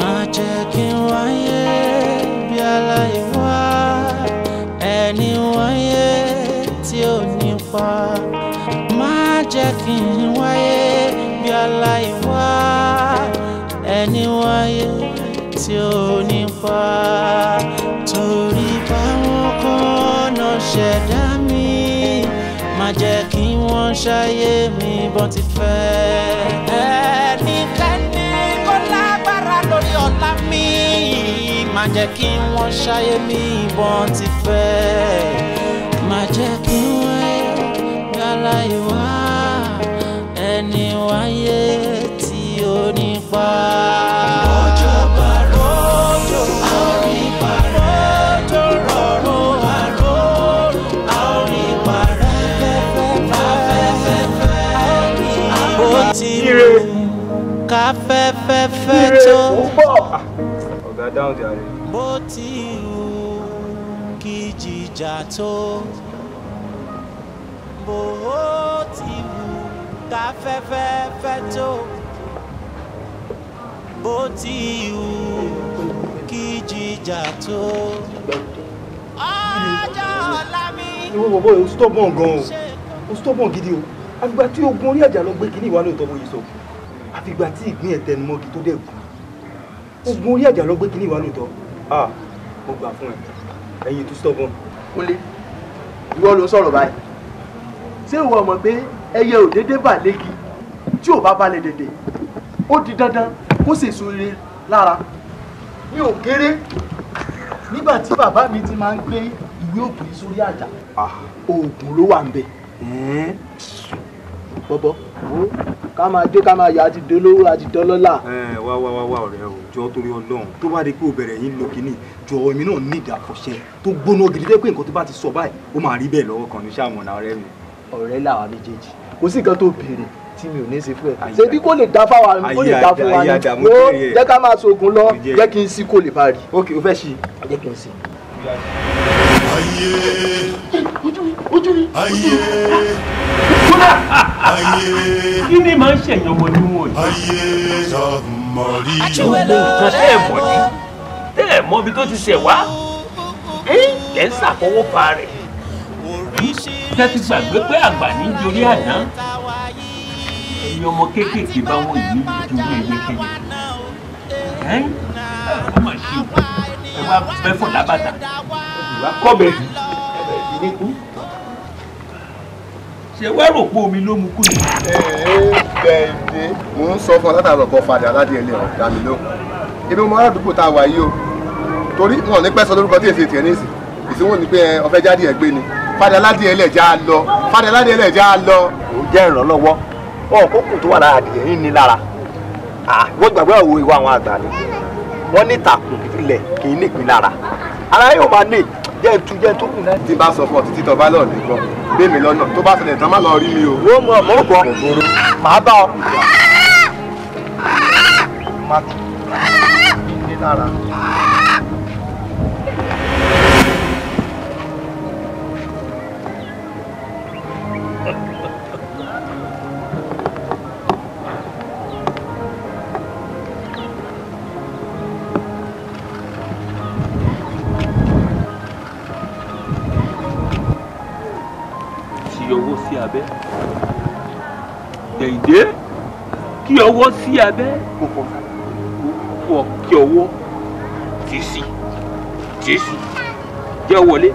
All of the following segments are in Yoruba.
má jẹ́ kí n wáyé bí aláìwá ẹni wáyé tí ò nípa má jẹ́ kí n wáyé bí aláìwá ẹni wáyé tí ò nípa torí báwọn kan náà ṣẹ̀dá mi má jẹ́ kí wọ́n ṣayé mi bọ́n ti fẹ́. má jẹ́ kí wọ́n ṣáyé mi ìbọn ti fẹ́ má jẹ́ kí wọ́n yálà ìwà ẹni wáyé tí ó nípa. ọjọ́ bàrọ̀ ọjọ́ àárín bàrẹ́ tó rọrùn àrò àárín bàrẹ́ fẹ́fẹ́fẹ́ ó ti rè ká fẹ́fẹ́fẹ́ tó. ọ̀gá dáhùn jàre. ìjà tó bó ó ti wù ká fẹ́fẹ́ fẹ́ tó bó ti wù kí jíjà tó ọjọ́ ọ̀la mi. ìwọ bọ̀bọ̀ o stọ́bọ̀n gan-an o stọ́bọ̀n gidi o àgbà tí ogun orí àjà ló gbé kínní ìwà lóòótọ́ bóyá sọ àfìgbà tí ìgbín ẹ̀tẹnumọ́gi tó dẹ̀ gùn ogun orí àjà ló gbé kínní ìwà lóòótọ́ ah mo gbà fún ẹ ẹ̀yin tó stọ́bọ̀n kúnlé ìwọ ló ń sọ̀rọ̀ báyìí ṣé ìwọ mọ̀ pé ẹyẹ ò déédéé bà légi tí ò bá balẹ̀ dèdè ó di dandan kó sì sunre lára mi ò kéré nígbà tí bàbá mi ti máa ń gbé ìwé ògùn sórí àjà ah. oògùn ló wà ń bẹ bọ́bọ́ wo ká máa dé ká máa yà á ti dolówó á ti dọ́lọ́là. ẹ wá wá wá wá ọ̀rẹ́ o jọ torí Ọlọ́run tó bá rí i pé o bẹ̀rẹ̀ yín lo kínní jọ èmi náà ní ìdàkọ̀ṣẹ tó gbóná gidi dé pé nǹkan tó bá ti sọ báyìí ó máa rí bẹ́ẹ̀ lọ́wọ́ kan ní sàmùnà ọ̀rẹ́ mi. ọ̀rẹ́ làwa méjèèjì kò sí nǹkan tó béèrè tí mi ò ní í ṣe fún ẹ ṣebí kò lè dá fáwa kò lè dá fún wa ni wo jẹ́ ká máa ṣoògùn lọ jẹ́ kí n sí kò lè bá rí. ok o fẹ́ ṣe jẹ́ kí n sí. ayé ayé kí ni màá ṣẹ̀yìn ọmọ ní wọn yìí. gbogbo nǹkan tẹ́ ẹ̀ mọ̀ ní tẹ́ ẹ̀ mọ̀ ibi tó ti ṣẹ̀ wá lẹ́ ń ṣàfọwọ́ pa rẹ̀. tẹ́ ti gbàgbé pé àgbà ní jorí àná ẹ̀yin ọmọ kéékèèké bá wọn yìí ju ewé kéye. àwọn máa ṣe ẹ wá bẹ́fọ̀ lábàtà ìwà kọ́ bẹ̀rù ẹ̀bẹ̀ ìdílé kú ṣe wá rò pé omi ló mu kú ni. bẹ́ẹ̀ni mò ń sọ fún ọ látàrọ kan fàdà aládìẹ ilé ọ̀gá mi ló ibi mo máa dùgbò tá a wà yìí o torí wọn ní pẹ́ sọ lórúkọ tí èsì ètì ẹ̀ ní ìsìn ìsìnwó ni pé ọ̀fẹ́ jáde ẹ̀ gbé ni fàdà aládìẹ ilé ẹ̀já lọ fàdà aládìẹ ilé ẹ̀já lọ. ó jẹ́ ìrànlọ́wọ́ ọ̀kọ́kùn tó wà lára adìẹ yìí ní lára wọ́n gbàgbé ara yóò máa nè jẹ́ tu kù náà. tí bá sọ fún ọ títí tó bá nìkan gbé mi lọ́nà tó bá ṣẹlẹ̀ tán má lọ rí mi o. wọ́n mọ̀ mọ́ bọ̀ màá bá ọ. má tù ní lára. abẹ́ dèjé kí ọwọ́ sí abẹ́ kò kí ọwọ́ tìsí tìsí jẹ́ wọlé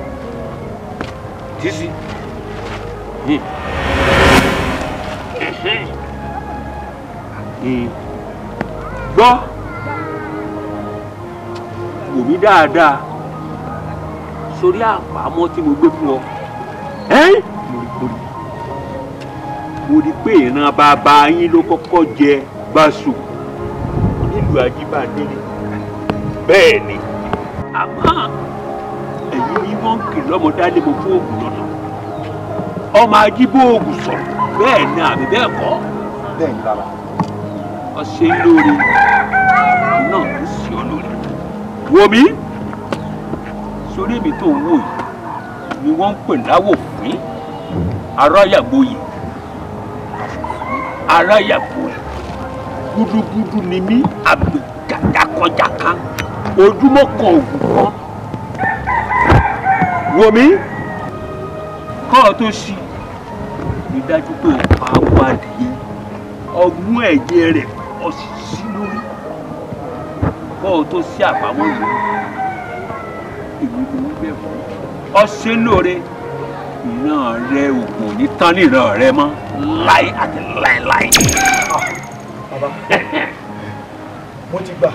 tìsí. Hmm. Hmm. Hmm. gbọ́ wò mí dáadáa sórí àpamọ́ tí mo gbé fún ọ mo rí pé ìran bàbá yín ló kọ́kọ́ jẹ báṣu nílùú ajíbádélé bẹ́ẹ̀ ni àmọ́ ẹ̀yin ni wọ́n ń kì lọ́mọdálé mo fún oògùn lọ́nà ọmọ ajíbó oògùn sọ̀rọ̀ bẹ́ẹ̀ ni àbí bẹ́ẹ̀ kọ́ bẹ́ẹ̀ ni bàbá ọ̀sẹ̀ lórí náà ń sì ọ́ lórí wo mi sórí èmi tó ń wò yìí ni wọ́n ń pè láwò pín aráyàgbò yìí ará yàgò ẹ̀ gúdúgúdú ni mí àgbẹ̀jàkọjàkan ojúmọ́ kan òògùn kan wò mí kọ́ ọ tó ṣí rí dájú pé ọ̀pá wà nìyẹn ọgbọ́n ẹ̀jẹ̀ rẹ̀ ọ̀sísí lórí kọ́ ọ tó ṣí àbáwọ̀ yìí èmi ló ń bẹ̀ fún ọ ṣe lóore ìran rẹ òkò ní tán níran rẹ mọ́ láì àti láìláì. bàbá mo ti gbà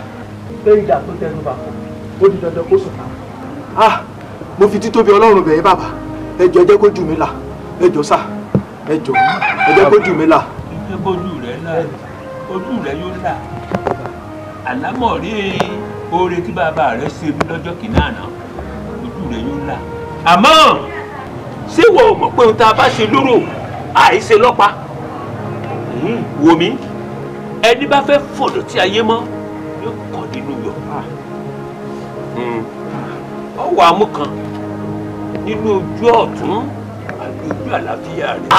pé ìjà tó tẹnu bà ó di dandan kó sùn ká. Ah, mo fi títóbi ọlọ́run bẹ̀yẹ́ bàbá ẹ jẹ́ kó jù mí là ẹ jọ̀ọ́ sà ẹ jọ̀ọ́ ẹ jẹ́ kó jù là. ìjẹ́ bójú rẹ̀ náà ojú rẹ̀ yóò là àlámọ̀ oore tí bàbá rẹ̀ ṣe mí lọ́jọ́ kìnnà náà ojú rẹ̀ yóò là àmọ́ ṣé wọ́n mọ̀ pé ohun tá a bá ṣe lóró àìṣe lọ́pa hmm, wò mí ẹni bá fẹ́ fọ̀dọ̀ tí ayé mọ́ yóò kọ́ nínú yọ ọwọ́ hmm. amú kan nínú ah! ojú ọ̀tún àbí ojú àlàáfíà rẹ̀.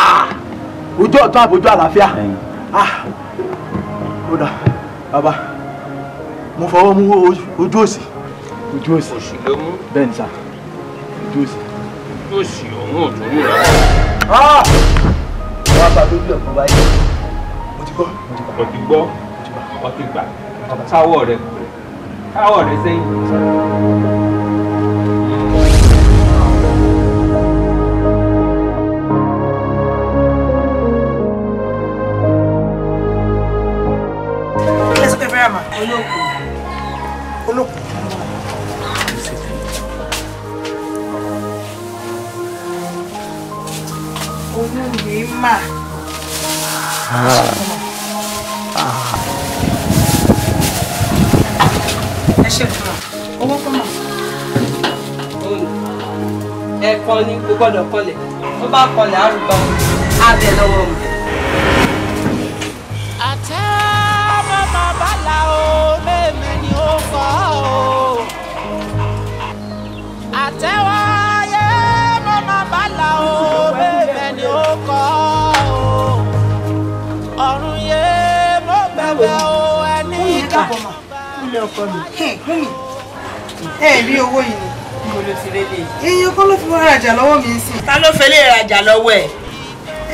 ojú ọ̀tún àbí ah! ojú àlàáfíà ó dà bàbá mo fọwọ́ mú ojú òsì ojú òsì bẹ́ẹ̀ ni sà ojú òsì yóò sì ọ̀hún ọ̀tún ní ìlànà. wọ́n á bá lójú ẹ̀kọ́ báyìí mo ti gbọ́ mo ti gbọ́ mo ti gbà táwọ̀ rẹ̀ táwọ̀ rẹ̀ sẹ́yìn. no. gbọ́dọ̀ kọlẹ̀ tó bá kọlẹ̀ arúgbó abẹ lọ́wọ́ mi. àtẹ o mẹ́mẹ́ ni ó fọ́ o àtẹwọ́ ayé màmá ni ó o ọ̀run yé mo bẹ̀bẹ̀ o ẹni ìka. ilé ọkọ mi ẹ rí owó yìí ló ti rélé. èèyàn kọ́ ló fi wá rajà lọ́wọ́ mi sìn. ta ló fẹ́ lè rajà lọ́wọ́ ẹ̀.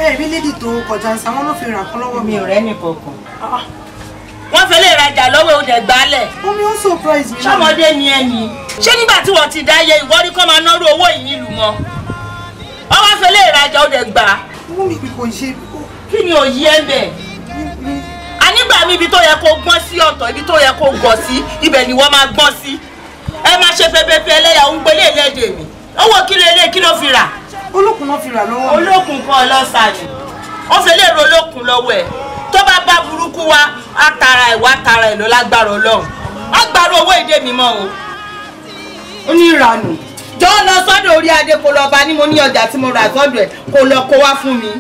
ẹ rí lédi tó kọjá ń sa wọn ló fi ràn kán lọ́wọ́ mi. mi ò rẹ́nì kankan. Ah. wọ́n fẹ́ lè rajà lọ́wọ́ òun dẹ̀ gbálẹ̀. omi ó surprise mi náà. sọmọdé ni ẹyin. ṣé nígbà tí wọ́n ti dáyé ìwọ ni kọ́ máa náró owó ìní ìlú mọ́. wọ́n wá fẹ́ lè rajà ó dẹ̀ gbà. owó mi kò ṣe. kí ni òye ẹ bẹ̀? a nígbà mi ibi tó yẹ kó gbọ́n sí ọ̀tọ̀ ibi tó yẹ kó gọ̀ sí ẹ máa ṣe pẹpẹpẹ ẹlẹ́yà ń gbélé ẹlẹ́dẹ̀ mi owó kílò ilé kí ló fi rà. olókùn ló fi rà lọ́wọ́. olókùn kan ọlọ́sà ni ó fi lè ro olókùn lọ́wọ́ ẹ̀ tó bá bá burúkú wa á tara ẹ̀ wá tara ẹ̀ ló lágbára ọlọ́run á owó ìdè mi mọ́ o. ó ní ìranù jọ́ lọ sọ́dọ̀ orí adé kó lọ bá ní mo ní ọjà tí mo rà sọ́dọ̀ ẹ̀ kó lọ kó wá fún mi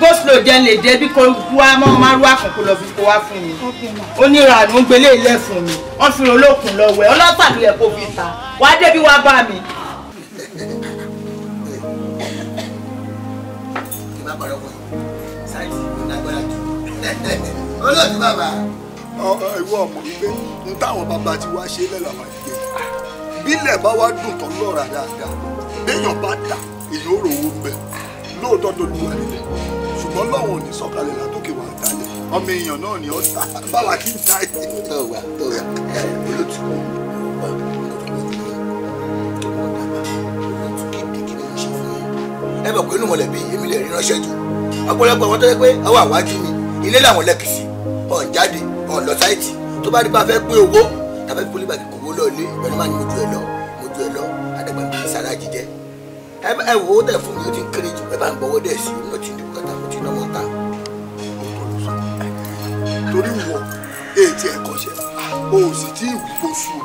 go slow jẹ́ lè dé bí kò wá mọ́ máa rú àkùnkù lọ fi kó wá fún mi onírànú gbélé ilé fún mi wọ́n fi olókùn lọ wẹ̀ ọlọ́tà ló yẹ kó fi ta wá débi wá bá mi. olóòtú bàbá. ìwọ ọmọ wípé n táwọn bàbá ti wá ṣe lẹ́la máa ń gbé bílẹ̀ bá wá dùn tán lọ́ra dáadáa béèyàn bá dà èyí ó rò owó bẹ́ẹ̀ lóòótọ́ tó dùn wà nílẹ̀ ṣùgbọ́n lọ́wọ́ ní sọ̀kalẹ̀ látòkè wà dálẹ̀ ọmọ èèyàn náà ni ó ta báwa kì í ta ẹ̀. tó wà tó wà olótú wà ẹ bẹ̀ pé inú mọ̀lẹ́bí èmi lè rí jù ọ̀pọ̀lọpọ̀ àwọn tó yẹ pé àwọn àwájú mi ilé làwọn lẹ́kìsì ọ̀n jáde ọ̀n lọ sáìtì tó bá rí bá fẹ́ pín owó tàbí pólíbàgì kò wó lọ́ọ̀lé ìgbẹ́ni máa ń mojú ẹ lọ ẹ wò ó dẹ̀ fún mi ó ti ń jù ẹ bá ń gbọ́wọ́ dẹ̀ sí i mo ti ní bùkátà mo ti ní ta. torí wọ ètí ẹ̀kọ́ ṣe o sì tí ì sùn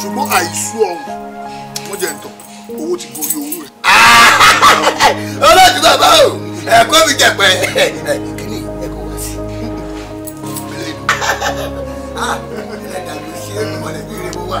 ṣùgbọ́n àìsú ọ̀hún mo jẹ́ ǹtọ́ owó ti gorí owó rẹ̀. ọlọ́dún bàbá o ẹ̀kọ́ mi jẹ̀pẹ̀ kíni ẹ̀kọ́ wá sí i. Ah, ẹ̀ẹ́dàgbé ṣe é mọ̀lẹ́bí rẹ̀ mo wà.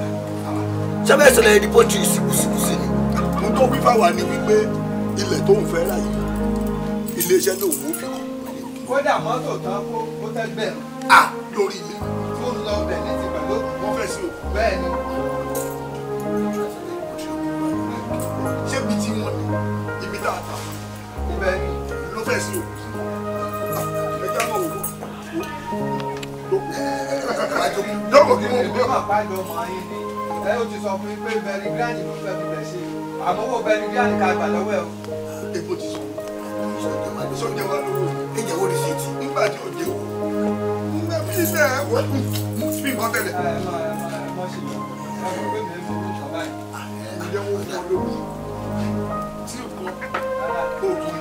sábẹ́ ìṣẹ̀lẹ̀ ẹni pọ́ńtì ìsìnkúsìnkúsì ni. mo tó wí fáwa ni wípé ilẹ̀ tó ń fẹ́ láyé iléeṣẹ́ tó wù ú fi kàn. kódà mọ́tò tán kó ó tẹ́ gbẹ̀rún. a lórí mi. tó ń lọ ọbẹ̀ ní ti pẹ̀lú. wọ́n fẹ́ sí òkú. bẹ́ẹ̀ ni. ṣé ibi tí wọ́n ní ibi tá a ta. ibẹ̀ ni. ló fẹ́ sí òkú. ẹ já mọ̀ wò ó. lọ́kọ̀ kí wọ́n. ìgbẹ́ màpá jọ mọ́ ayé ni ẹ ó ti sọ fún mi pé bẹ̀rì gíráàdì ló fẹ́ mi bẹ̀ sí àmọ́wò bẹ̀rì gíráàdì ká gbà lọ́wọ́ ẹ o. epo ti sọ sọ́jà wa lówó ẹ̀jẹ̀ wo ni sí ti nígbà tí ó jẹ́ o nígbà tí ìṣe ẹ̀ wọ́n fi ìbọn tẹ̀lé. ẹ máa ẹ máa ẹ máa ṣe lọ ẹ mọ̀ pé mi ò fi ìṣọ̀ báyìí. ìyẹn wo fún ọ lórí tí o kọ oògùn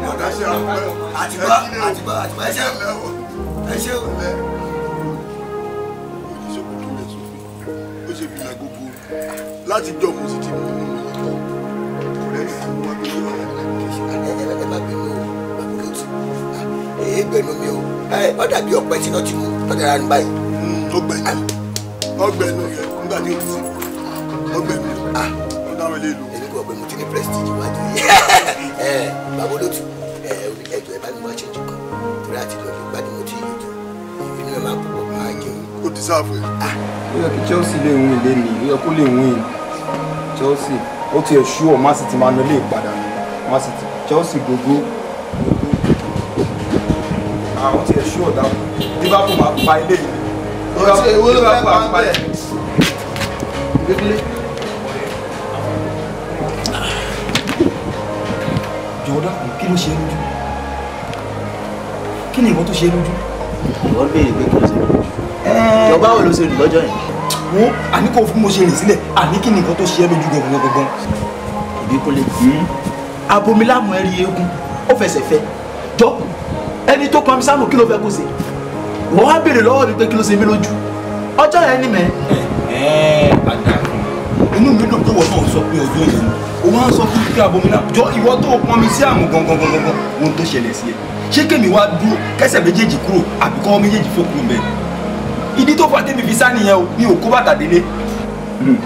náà. ọ̀dà ṣe àwọn àtìgbà àtìgbà àtìgbà ẹ ṣe ẹ ṣe ẹ ṣe. láti jọ kò sí ti mú ní mọ̀ lọ́tọ̀ kò rẹ̀ sí wá bí wọ́n ẹ má bínú bàbúrò tì ẹ ah, bẹ̀rù mi o ọ dàbí ọ̀pẹ tí náà ti mú lọ́dọ̀ ara ní báyìí. ọgbẹ hmm, ọgbẹ ah. nù yẹ nígbà tí o ti sìn ọgbẹ ọ dáwọ ilé ìlú. èmi kò ọgbẹ mi ti ní prestige wájú yìí bàbúrò tì. ṣáfù. Ah, ó Chelsea lè win ilé mi ó yẹ Chelsea ó ti ẹ̀ṣú ọ̀ má sì ti Chelsea go go. ti ẹ̀ṣú ọ̀dà Liverpool that pa ilé yìí Liverpool máa pa ilé yìí. jọ̀wọ́ dákun kí ló ṣe you lójú kí ni ìwọ tó ṣe é lójú. ìwọ béèrè pé kí báwo báwo ló ṣe rìn lọ́jọ́ yẹn. wo àní kò fún mo ṣe rìn sílẹ̀ àní kí nìkan tó ṣe é lójú gangan gangan. ìbí kúnlẹ̀ hmm. abomi láàmú ẹ̀rí eégún ó fẹsẹ̀ fẹ́ jọ ẹni tó pamí sáàmù kí ló fẹ́ kó ṣe wọ́n wá béèrè lọ́wọ́ mi pé kí ló ṣe mí lójú ọjọ́ yẹn ni mẹ́. ẹ ẹ àdàkùn inú mi dùn pé wọ́n náà sọ pé ojú yẹn ni o máa ń sọ fún kíkẹ́ abomina jọ ìwọ tó o pọnmi sí àmú gangan gangan ohun tó ṣẹlẹ̀ sí ẹ ṣé kèmi wá dúró kẹsẹ̀ méjèèjì kúrò àbíkọ́ méjèèjì fò kúrò mẹ́rin ìdí tó fà tèmi fi sá nìyẹn o mi ò kó bàtà délé. Hmm.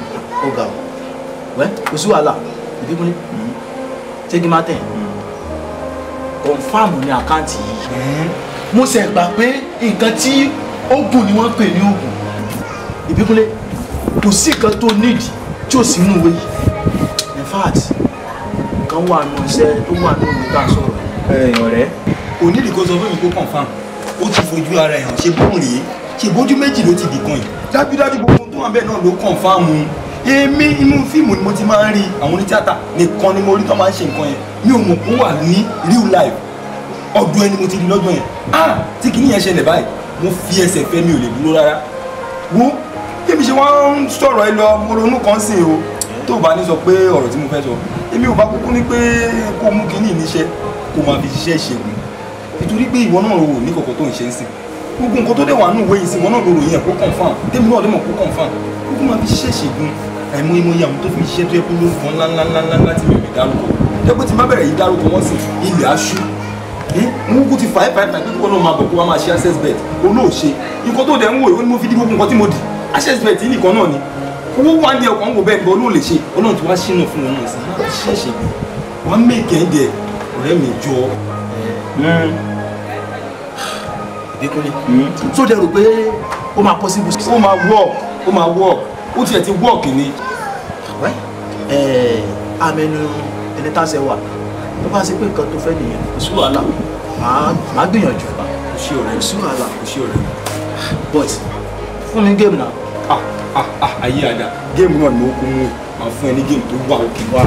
ó ga ọ wẹ kò sí wàhálà ìbíkúnlé hmm. ṣé kí n máa tẹ̀ kọ̀ǹfàmù hmm. ní àkáǹtì yìí. mo ṣe gbà pé nǹkan tí oògùn ni wọ́n pè ní oògùn ìbíkúnlé kò sí nǹkan tó nídìí tí ò sí nínú ìwé yìí in fact nǹkan wà nù iṣẹ́ tó wà nù ìwé tá a sọ̀rọ̀. ẹ ọ̀rẹ́. kò nídìí kó sọ fún mi kó kọ̀ǹfàmù ó ti fojú ara ẹ̀ hàn ṣe bóun rèé ṣèbójú méjì ló ti bì kan yìí dájúdájú gbogbo tó wà bẹ́ẹ̀ náà ló kàn fáàmù èmi inú fíìmù ni mo ti máa ń rí àwọn onítìátà nìkan ni mo rí tó máa ń ṣe nǹkan yẹn mi ò mọ̀ kó wà ní real life ọdún ẹni mo ti rí lọ́dún yẹn ah tí kìíní yẹn ṣẹlẹ̀ báyìí mo fi ẹsẹ̀ fẹ́ mi ò lè dúró rárá wo tèmi ṣe wọ́n ń sọ̀rọ̀ ẹ lọ mo ronú kan sí o tó bá ní sọ pé ọ̀rọ̀ tí mo fẹ́ sọ èmi ò bá kúkú ní pé kó mú kínní níṣẹ́ kó máa fi ṣiṣẹ́ ṣègùn nítorí pé ìwọ náà rò ní kọ̀kọ́ tó ń ṣe ń sìn gbogbo nǹkan tó dé wà nù wéyìn sí wọn náà lòrò yẹn kó confam tèmi náà lè mọ̀ kó confam gbogbo máa fi ṣiṣẹ́ ìṣègùn àìmọ̀ ìmọ̀ ìyàwó tó fi ṣiṣẹ́ tó yẹ kó ló fún ńlá ńlá ńlá ńlá tí mi ò dárúkọ jẹ́ pé tí má bẹ̀rẹ̀ yìí dárúkọ wọ́n sì ilẹ̀ aṣú nwogun ti fàáyé fàáyé fàáyé kíkọ́ náà máa bọ̀ kó wá máa ṣe access bet olóòṣe nǹkan tó dẹ̀ ń wò ó ni mo fi dí gbogbo nǹkan tí mo dì access bet yìí nìkan náà ni owó wà ní ọkàn wò bẹ́ẹ̀ gbọ́ olóòlè ṣe ọlọ́run ti wá ṣínà fún wọn náà sí ṣẹ́ṣẹ́ wọn mẹ́kẹ̀ẹ́ dẹ̀ ọ̀rẹ́ mi jọ. Hmm. Adékúnlé so hmm. dẹ̀ rò pé ó máa possible. ó máa work ó máa work ó tiẹ̀ ti work ni. amẹnu ẹni tá a ṣe wà tó bá ṣe pé nǹkan tó fẹ́ nìyẹn kò sí wàhálà màá gbìyànjú kò sí ọ̀rẹ́ kò sí wàhálà kò sí ọ̀rẹ́ but fún mi game na. Ah, ah, ah, ayé ada game náà ni ó kún mú máa fún ẹ ní game tó wà òkè wá.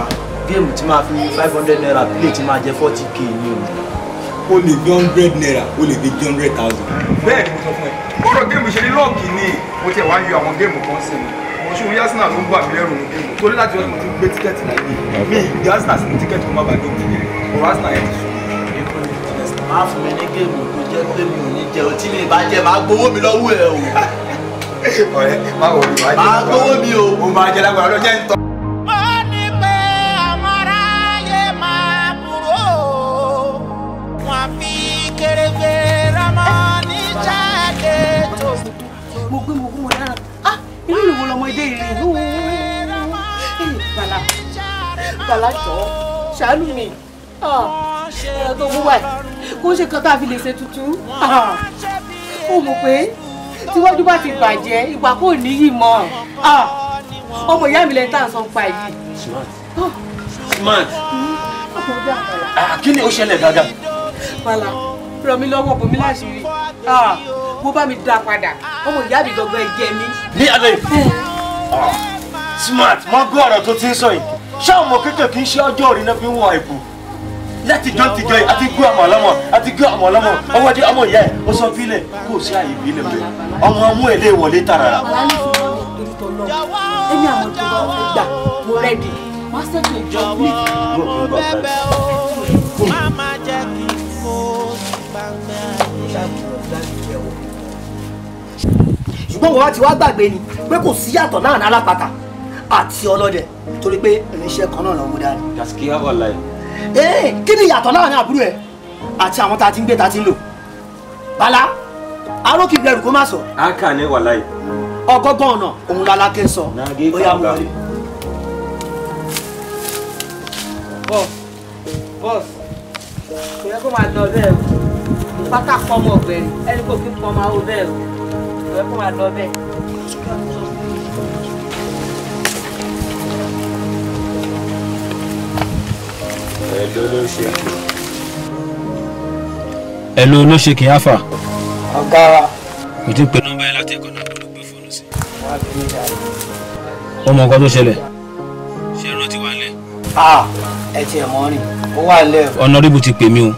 game tí máa fi five hundred naira play tí máa jẹ forty k ni o o lè fi hundred naira o lè fi hundred thousand. bẹ́ẹ̀ ni mo sọ fún ẹ bọ́ọ̀rọ̀ géèmù ṣe ní lọ́ọ̀kì ni mo ti wá yọ àwọn géèmù kan sí mi mo ṣùgbọ́n bí Arsenal ló ń gbà mí lẹ́rù ní géèmù torí láti ọdún mo ti gbé tíkẹ́ẹ̀tì náà yìí mi ìdí Arsenal sí ní tíkẹ́ẹ̀tì kó má bàa dókè yẹn ọ̀rọ̀ Arsenal yẹn ti sùn. máa fún mi ní géèmù tó jẹ́ pé mi ò ní jẹ ọtí mi ìbá jẹ máa gbowó mi lọ́wọ́ ẹ̀ o. ọ̀rẹ́ máa wọ̀ mo gbé mo gbé mo dára ah inú ìwọ lọmọdé rìn ooo bàlá bàlá jọ ṣàánú mi ah, ẹ̀rọ tó mú wáyé kó ṣe kan tá a fi lè ṣe tuntun ah, ó mọ̀ pé tíwájú bá ti bàjẹ́ ìgbà kò níyì mọ́ ah, ọmọ ìyá mi lẹ́yìn tá à ń sọ pa yìí. smart smart hmm, kí ni ó ṣẹlẹ̀ dáadáa. bàlá ràn mí lọ́wọ́ bòmí láṣìírí kó bá mi dá padà ọmọ ìyá mi gangan ẹ jẹ mí. ní alẹ́ ah, smart mo gbọ́ ọ̀rọ̀ tó ti ń sọ yìí ṣé àwọn ọmọ kékeré kì í ṣe ọjọ́ orí náà fi ń wọ àìbù láti jọ́ ti jọ́ yìí àti gbé ọmọ ọlọ́mọ àti gbé ọmọ ọlọ́mọ ọwọ́ dé ọmọ ìyá ẹ̀ ó sọ fílẹ̀ kó o sí àyè ìbílẹ̀ pé ọmọ ọmú ẹ̀ lè wọlé tààrà. ẹni àwọn ìjọba ọ̀gbà mo rẹ́dì wọ́n ṣètò pé wọ́n á ti wá gbàgbé ni pé kò sí yàtọ̀ láàrin alápatà àti ọlọ́dẹ torí pé irinṣẹ́ kan náà lọ́mú dání. gaskiya wàllayi. ee eh, kí ni ìyàtọ̀ láàrin àbúrò ẹ àti àwọn tá a ti ń gbé tá a ti ń lò. bala arókì bẹ̀rù kó má sọ. a kà ní wàllayi. ọgọgbọn ọ̀nà òun lalákẹ́ sọ bóyá mo wọlé. bọ́ọ̀sì bọ́ọ̀sì kò yẹ kó máa lọ bẹ́ẹ̀ o pátá pọ́nmọ́ ọ̀gbẹ́ni ẹni kò fi pọ́nmọ́ ọ bẹ́ẹ̀ o ìwé fún wa lọ bẹ́ẹ̀. ẹ̀lú ló ṣe kì. ẹ̀lú ló ṣe kì í àfà. ọ̀gá wa. kò tí ń pe nọ́mbà yẹn láti ẹ̀kọ́ náà ló gbé fóònù sí. ó mọ nǹkan tó ṣẹlẹ̀. ṣé ẹran ti wà lẹ. ẹ tiẹ̀ mọ́ rìn ó wà lẹ́. ọ̀nà ríbu ti pè mí o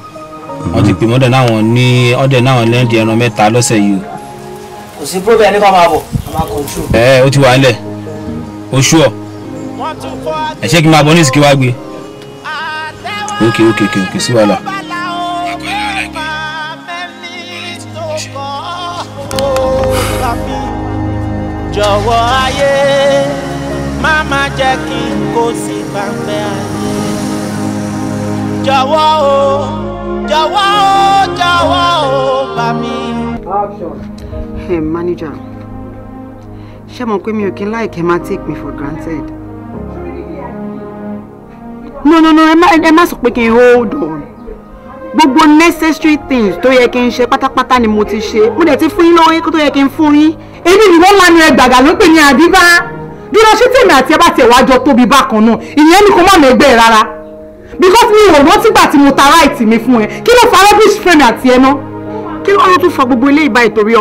wọ́n ti pè mọ́dẹ̀ náà wọ́n ní ọ̀dẹ̀ náà lẹ́ndì ẹran mẹ́ta lọ́sẹ̀ yìí o sí problem ní kò máa bọ̀ a máa control. ẹ ó ti wà nílẹ̀ oṣù ọ ẹ ṣé kí n máa bọ̀ ní ìsìnkú wá gbé ok ok ok ok sí wàhálà. jọ̀wọ́ ayé má má jẹ́ kí n kó sí pàmpẹ́ ayé jọ̀wọ́ o jọ̀wọ́ o jọ̀wọ́ o bá mi. action um, manager ṣé mọ̀ pé mi ò kí ń láìkẹ́ take me for granted. no no no ẹ má sọ pé kí n hold on But gbogbo necessary things tó yẹ kí n pata pátápátá ni moti ti ṣe mo dẹ̀ ti fún yín lọ́wọ́ kó tó yẹ kí n fún yín. èmi ni wọ́n ni ẹ gbàgà ló pè ní àdìbá bí wọ́n ṣe tèmi be back bá tiẹ̀ wá jọ tóbi bákan náà ìyẹn ni kò mọ̀ mẹ́gbẹ́ rárá because me, ò rántí gbà tí mo ta right mi fún ẹ kí friend fa rubbish frame àti ẹ náà kí ló tún fa gbogbo eléyìí báyìí torí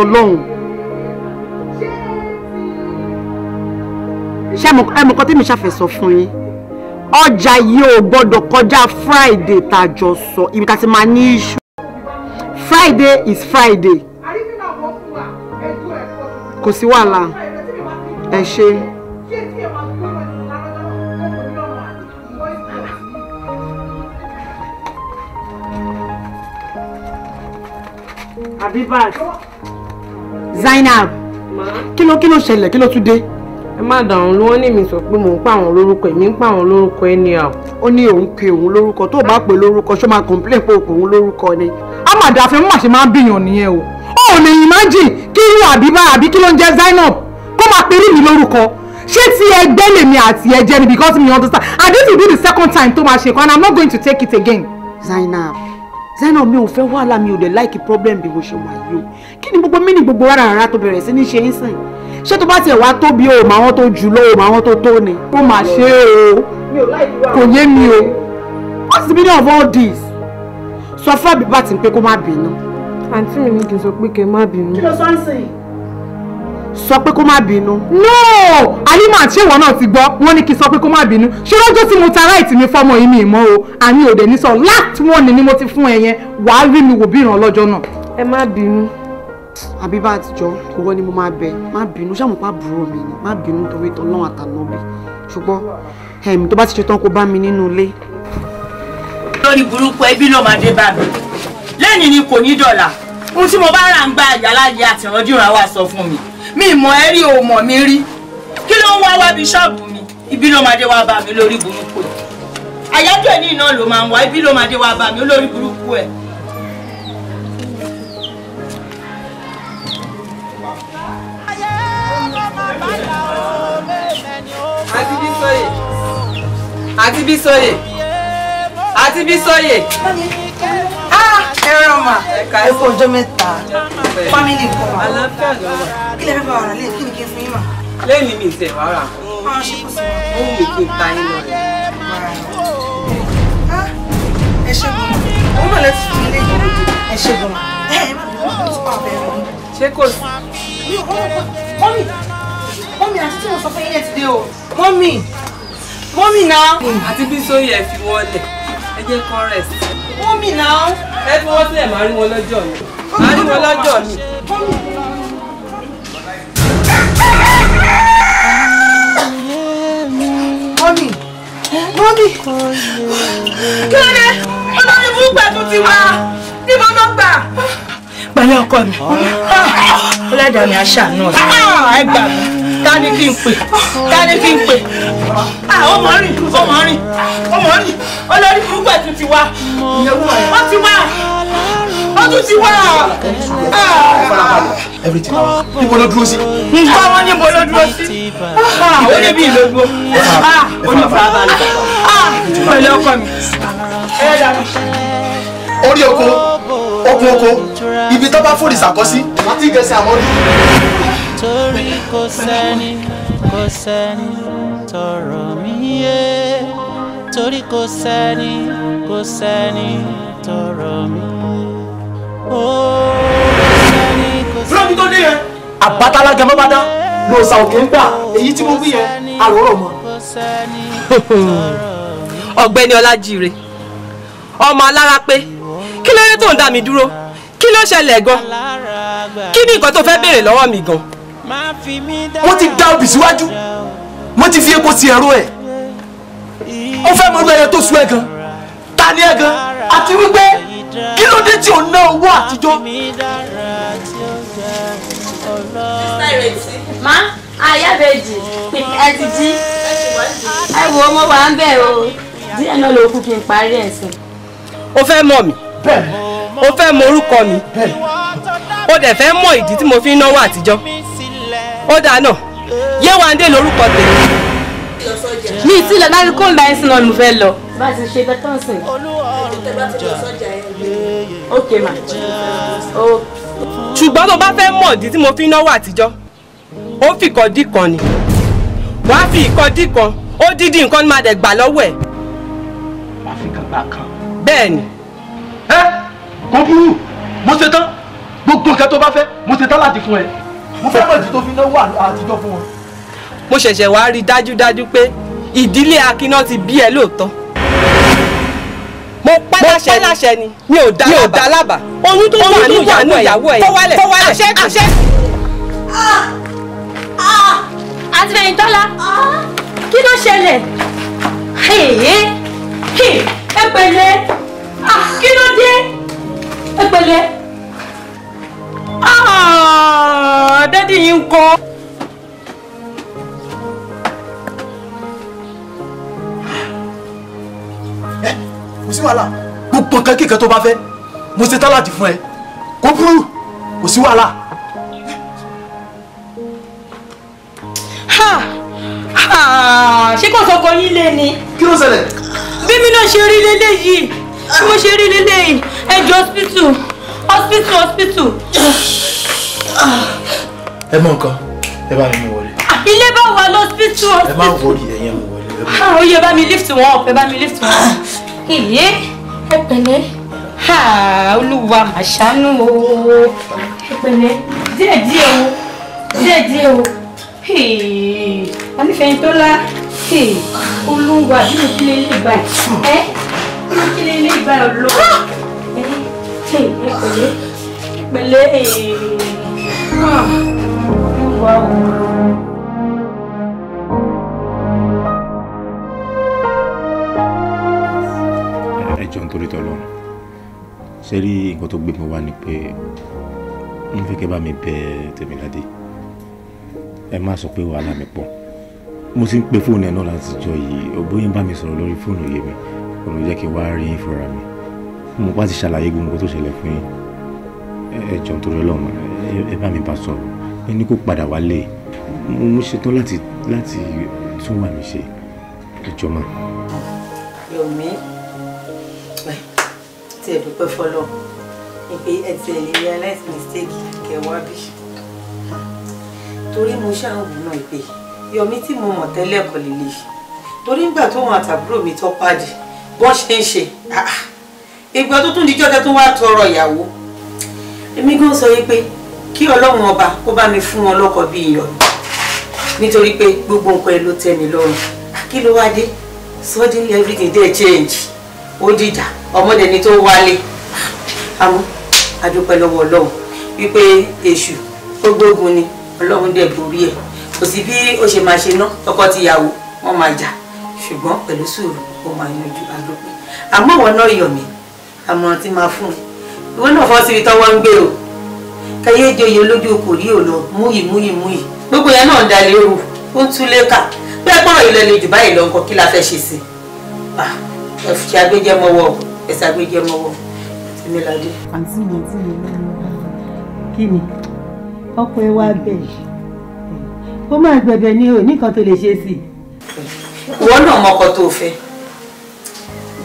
ṣé ẹmọ̀kọ́ tí mi ṣàfẹ́ sọ fún yín ọjà yìí ò gbọ́dọ̀ kọjá Friday tàjọ sọ ibi ká ti máa ní iṣu Friday is Friday kò sí wàhálà ẹ ṣe. Zainab kí ló kí ló ṣẹlẹ̀ kí ló tún dé ẹ má dàrún ló wọ́n ní mi sọ pé mò ń pa àwọn lórúkọ èmi ń pa àwọn lórúkọ ẹni à. ó ní òun pe òun lórúkọ tó o bá pe lórúkọ ṣó máa complain pé o pe òun lórúkọ ni. a mà dàfẹ́ mú àṣẹ máa ń bìyàn nìyẹn o. ó ò lè imagine kí irú àbíbá àbí kí ló ń jẹ́ Zainab kó máa pe rí mi lórúkọ ṣé ti ẹgbẹ́ lèmi àti ẹ̀jẹ̀ ni because mi understand and this will be the second time tó máa ṣe kan and i'm not going to take it again. Zainab Zainab mi ò fẹ́ wàhálà mi ò dẹ̀ like problem bí mo ṣe wà yìí o kí ni gbogbo mí ni gbogbo rárá rárá tó bẹ̀rẹ̀ sí ní ṣe é sìn ṣé tó bá tiẹ̀ wá tóbi o mà wọ́n tó jù lọ o mà wọ́n tó tó ni ó mà ṣe o kò yé mi o what's the meaning of all this sọ fún àbíbá tí ń pé kó má bínú. àǹtí mi ní kí n sọ pé kí n má bínú. kí ló sọ ń sìn sọ pé kó má bínú. no alima tí ìwọ náà ti gbọ́ wọ́n ní kí sọ pé kó má bínú ṣé lọ́jọ́ tí mo ta ráìtì mi fọ́mọ yìí mi ìmọ̀ o àmì òde ní sọ láti wọ́n ni ni mo ti fún ẹ yẹn wàá rí mi wò bí ìrànlọ́jọ́ náà. ẹ má bínú. Abibat jọ ìwọ ni mo máa bẹ má bínú pa àbúrò mi ni má bínú torí tọlọ́run àtànábì ṣùgbọ́n ẹ̀mí tó bá ti ṣe tán kó bá mi nínú ilé. lórí burúkú ẹbí ló máa dé bá mi lẹ́yìn ni kò ní dọ̀là ohun tí mo bá rà ń gba àyàláyé àtìrànjìràn wa sọ fún mi mi mọ̀ ẹ́ rí o mọ̀ mi rí kí ló ń wá wá bíṣọ́ọ̀bù mi ibi ló máa dé wá bá mi lórí burúkú ẹ̀ àyájọ́ ẹ̀ ní iná ló máa ń wá ibi ló máa dé wá bá mi lórí burúkú ẹ̀. àti Bísóyè àti Bísóyè àti Bísóyè. ẹ̀rọ mà ẹ kú ọjọ́ mẹ́ta fámìlì kan wà. aláfíà ló wà. kí lè fẹ́ bá wàrà lẹ́yìn kí ni kí n fún yín mà. lẹ́yìn mi ìtẹ̀ wàrà kan. máa ṣe kó sí wa. ó wù mí kí n ta yín lọ rẹ̀. ẹ ṣe gbọ́n òun náà lẹ́tí fún ilé yìí ẹ ṣe gbọ́n ṣé kò sí. mi ò mọ̀ mi. Mommy, àti tí mo sọ fún yín lẹ́tí dé o mọ́mí mọ́mí náà. àti bí sóyè ẹ fi wọlé ẹ jẹ́ kán rest. Mommy now. ẹ fi wọ́n sílẹ̀ máa rí wọn lọ́jọ́ mi máa rí wọn lọ́jọ́ mi. mọ́mí mọ́mí kí ló dé olórí burúkú ẹ̀tún ti wá níbo ló gbà pẹ̀lú ọkọ mi. ọlọ́dà ah. mi aṣáà náà. Ah, ẹ gbà mí ta ni kí n pè ta ni kí n pè ọmọ ah, rìn ọmọ rìn ọmọ rìn olórí púpọ̀ tún ti wá ó ti wá ó tún ti wá. níbo ló dúró sí. nígbà wọn níbo ló dúró sí. Ah, ó débi ìlógbó onífàbàlẹ̀ ah, pẹ̀lú ọkọ mi. orí oko okun oko ibi tó bá fòrì sàkọsí láti gẹ̀ẹ́sì àwọn ọdún. torí kò sẹ́ni kò sẹ́ni tọrọ mi yé torí kò sẹ́ni kò sẹ́ni tọrọ mi ó sẹ́ni kò sẹ́ni. fúlọ́ọ̀mù tó dé yẹn àbátalágẹ mọ́ bá dá lòsàn òkè ń gbà èyí tí mo wí yẹn àròrọ̀ mọ́. ọ̀gbẹ́ni ọlájire ọmọ alára pé kí ló dé tó ń dá mi dúró kí ló ṣẹlẹ̀ gan kí ni nǹkan tó fẹ́ béèrè lọ́wọ́ mi gan. mo ti da obì síwájú mo ti fi epo sí ẹ̀rọ ẹ̀ ó fẹ́ mọ ẹyẹ tó sún ẹ gan ta ni ẹ gan àti wípé kí ló dé tí ò ná owó àtijọ́. má ayábẹ́jì ẹ ti jí ẹ wo mo wà ń bẹ̀ díẹ̀ náà ló kí n parí ẹ̀sìn. o fẹ́ mọ̀ mi. o fẹ́ mọ orúkọ mi o dẹ̀ fẹ́ mọ ìdí tí mo fi ń náwó àtijọ́ ó dáa náà Yéwándé lórúkọ tèmi. mi ì tilẹ̀ láti kó ìgbà ẹ̀sìn náà ni fẹ́ lọ. bá a ti ṣe tán sìn. ok ma. ṣùgbọ́n tó bá fẹ́ mọ ìdí tí mo fi ń náwó àtijọ́ ó ìkọ́ dì kan ni wàá fi ìkọ́ dì kan ó dídì nǹkan ni màá dẹ̀ gbà lọ́wọ́ ẹ̀. bẹ́ẹ̀ ni. Comme ẹ kò burú mo ṣe tán gbogbo nǹkan tó bá fẹ́ mo ṣe tán láti fún ẹ mo fẹ́ mọ̀ ètò tó fi náwó àtijọ́ fún wọn. mo ṣẹ̀ṣẹ̀ wá rí dájúdájú pé ìdílé Akínná ti bí ẹ lóòótọ́ mo páláṣẹ láṣẹ ni mi ò dá lábàá nous tó wà ní ìyàwó ẹ kọ́wálẹ̀ àṣẹ ah. àṣẹ. Ah. Ah. àti nous kí ló ṣẹlẹ̀ ẹ pẹ̀lẹ́. Ah, kí ló dé ẹ pẹ̀lẹ́ ah, dádì yín kọ́. ẹ eh, kò sí wàhálà gbogbo nǹkan kíkan tó bá fẹ́ mo ṣe tán láti fún ẹ kó burú kò sí wàhálà. ṣé kò sọkọ yín lé ni. kí ló ṣẹlẹ̀. bí mi náà ṣe rí lélẹ́yìí bí mo ṣe rí lélẹ́yìn ẹjọ́ hospital hospital hospital. ẹ mọ nǹkan ẹ bá mi wọlé. ilé bá wà lọ́sítítù hospital. ẹ má wọlé ẹ̀yẹ́ mi wọlé. ó yẹ bá mi lift wọn ọ̀pẹ bá mi lift wọn. iye ẹ pẹ̀lẹ́ olúwa mà ṣàánú o ẹ pẹ̀lẹ́ díẹ̀díẹ̀ o díẹ̀díẹ̀ o a nífẹ̀ẹ́ yín tó lá olúwa bí mo fi lè lè báyìí kí ah, lè lè gbà ọ lọ. pẹ̀lẹ́ pẹ̀lẹ́. torí tọlọ́run ṣe rí nǹkan tó gbé mi wá ni pé n fi kẹ́ bá mi bẹ Tẹ̀míládé ẹ má sọ pé wàhálà mi pọ̀ mo ti ń pe fóònù ẹ̀ náà láti jọ yìí ògbóyìn bá mi sọ̀rọ̀ lórí fóònù yé mi kò ló jẹ́ kí wá rí yín fúnra mi mo bá ti ṣàlàyé gbogbo tó ṣẹlẹ̀ fún yín ẹ jọ̀ọ́ torí ọlọ́run ẹ bá mi bá sọ̀rọ̀ ẹ ní kó padà wálé mo ṣetán láti láti tún wà mí ṣe ẹ jọ̀ọ́ mà. Yomi tí ẹ dúpẹ́ fọlọ́ ni pé ẹ ti lè realize mistake kẹwàá bí torí mo ṣàwùn náà pé Yomi tí mo mọ̀ tẹ́lẹ̀ kọ́ lè lè torí nígbà tó wọn àtàbúrò mi tọ́ pàdé bọ́ ṣe ń ṣe ah, ìgbà tó tún díjọ́ tẹ́ tó wá tọrọ ìyàwó èmi gan sọ yìí pé kí ọlọ́run ọba kó bá mi fún wọn lọ́kọ bí iyọ̀ nítorí pé gbogbo nǹkan ẹ ló tẹ́ mi lọ́rùn ah, kí ló wá dé suddenly everything dey change ó dìjà ọmọdé ni tó wálé ah, àmọ́ adúpẹ́ lọ́wọ́ ọlọ́run wípé èṣù ó gbógun ni ọlọ́run dẹ̀ borí ẹ̀ kò sí bí ó ṣe máa ṣe ná tọkọ tìyàwó wọ́n máa jà ṣùgbọ́n pẹ̀lú sùúrù ó máa yanjú àdópin àmọ́ ìwọ náà yọ̀ mí àmọ́ tí máa fún un ìwọ náà fọ́ síbi tọ́wọ́ ń gbé o kẹyẹ joyè lójú kò rí òun lọ múyì múyì múyì gbogbo yẹn náà ń dalẹ̀ ooru ó ń túlé kà bí ẹ pọ̀rọ̀ ìlọ ilé jù báyìí lọ nǹkan kí la fẹ́ ṣe sí i ẹ fi agbẹjẹ mọ́wọ́ ẹ ṣàgbẹjẹ mọ́wọ́ ti mi ládé. àǹtí mi àǹtí mi ló ń bá kí ni ọkọ ẹ wá bẹ yìí máa gbẹ̀bẹ̀ ní o nìkan tó lè ṣe sí i. ìwọ náà mọkọ tó o fẹ́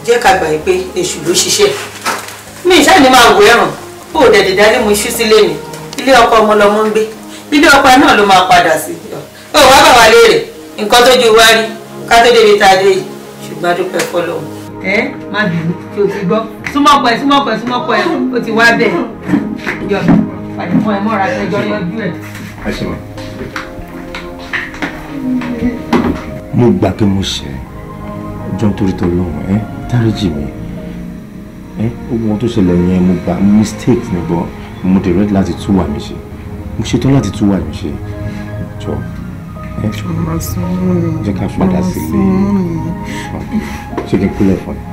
jẹ́ ká gbà pé èṣù ló ṣiṣẹ́ mi ìṣá ni máa wọ ẹ̀rùn ó dẹ̀dẹ̀ dálé mu iṣu sílé mi ilé ọkọ ọmọ lọmọ ń gbé ilé ọkọ náà ló máa padà sí o wá bà wá léèrè nǹkan tó ju wá rí ká tó débi tá a dé yìí ṣùgbọ́n a dúpẹ́ fọlọ́hún. ẹ má bínú kí o ti gbọ́ súnmọ́ pẹ́ súnmọ́ pẹ́ súnmọ́ pẹ́ o ti wá bẹ̀ yọ pàdé fún ẹ mọ́ra ẹjọ́ yọjú ẹ̀. mo gbà pé mo ṣe jọ nítorí tọlọ́run ẹ dáríjì mi ẹ ogun wọn tó ṣẹlẹ̀ yẹn mo gba mistake ni bọ mo dẹ̀ rẹ́ láti tún wà mí ṣe mo ṣetán láti tún wà mí ṣe jọ ẹ jẹ́ ká padà sílé ṣé kí n kúlẹ̀ fún ẹ.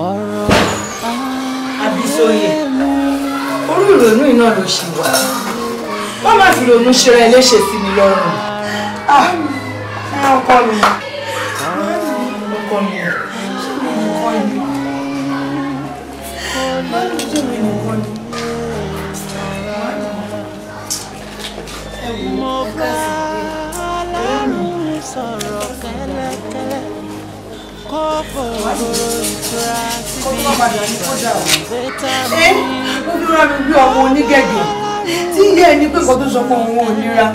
ọ̀rọ̀ Àbísóyè orú ìrònú iná ló ṣì wà wọ́n má fi ìrònú ṣe ra ẹ léṣe sí mi lọ́rùn ọkọ mi ọkọ mi ṣé mi nìkan ni mami ṣé mi nìkan ni ẹ wo ọkọ ẹ mo dúró mi bí ọmọ onígẹ̀gẹ̀ tí iye ẹni pé nǹkan tó sọ fún òun ò nira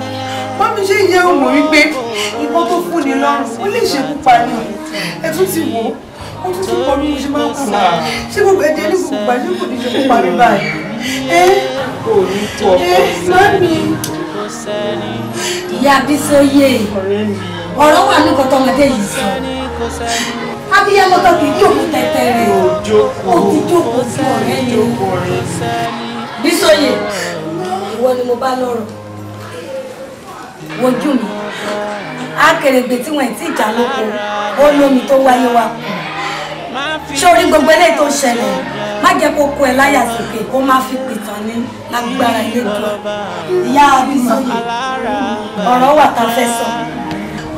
bá mi ṣe yẹ òmò wípé ìbọn tó fún ni lọ́rùn ó lè ṣekú pa ni ẹ tún ti wò ó tún ti pọ̀ bí mo ṣe máa ń kú náà ṣé gbogbo ẹ̀jẹ̀ ní gbogbo ìgbà ṣé kò ní ṣekú pa mi báyìí. ẹ kò ní tó ọkọ ẹ sọ́mi. ìyá Bísóyè ọ̀rọ̀ wà ní kọ́tọ́mọdé yìí sọ abiyamọ kan kì í jókòó tẹtẹrẹ o ó ti jókòó sí ọ̀rẹ́ yìí Bísóyè ìwọ ni mo bá lọ́rọ̀ wojú mi akèrègbè tí wọn ti jà lóko ó lómi tó wáyé wa kù sórí gbogbo eléyìí tó ṣẹlẹ̀ má jẹ́ kó kó ẹ láyà sókè kó má fi pìtàn ní lágbára ilé tó ìyá abisọyè ọ̀rọ̀ wà tá a sọ.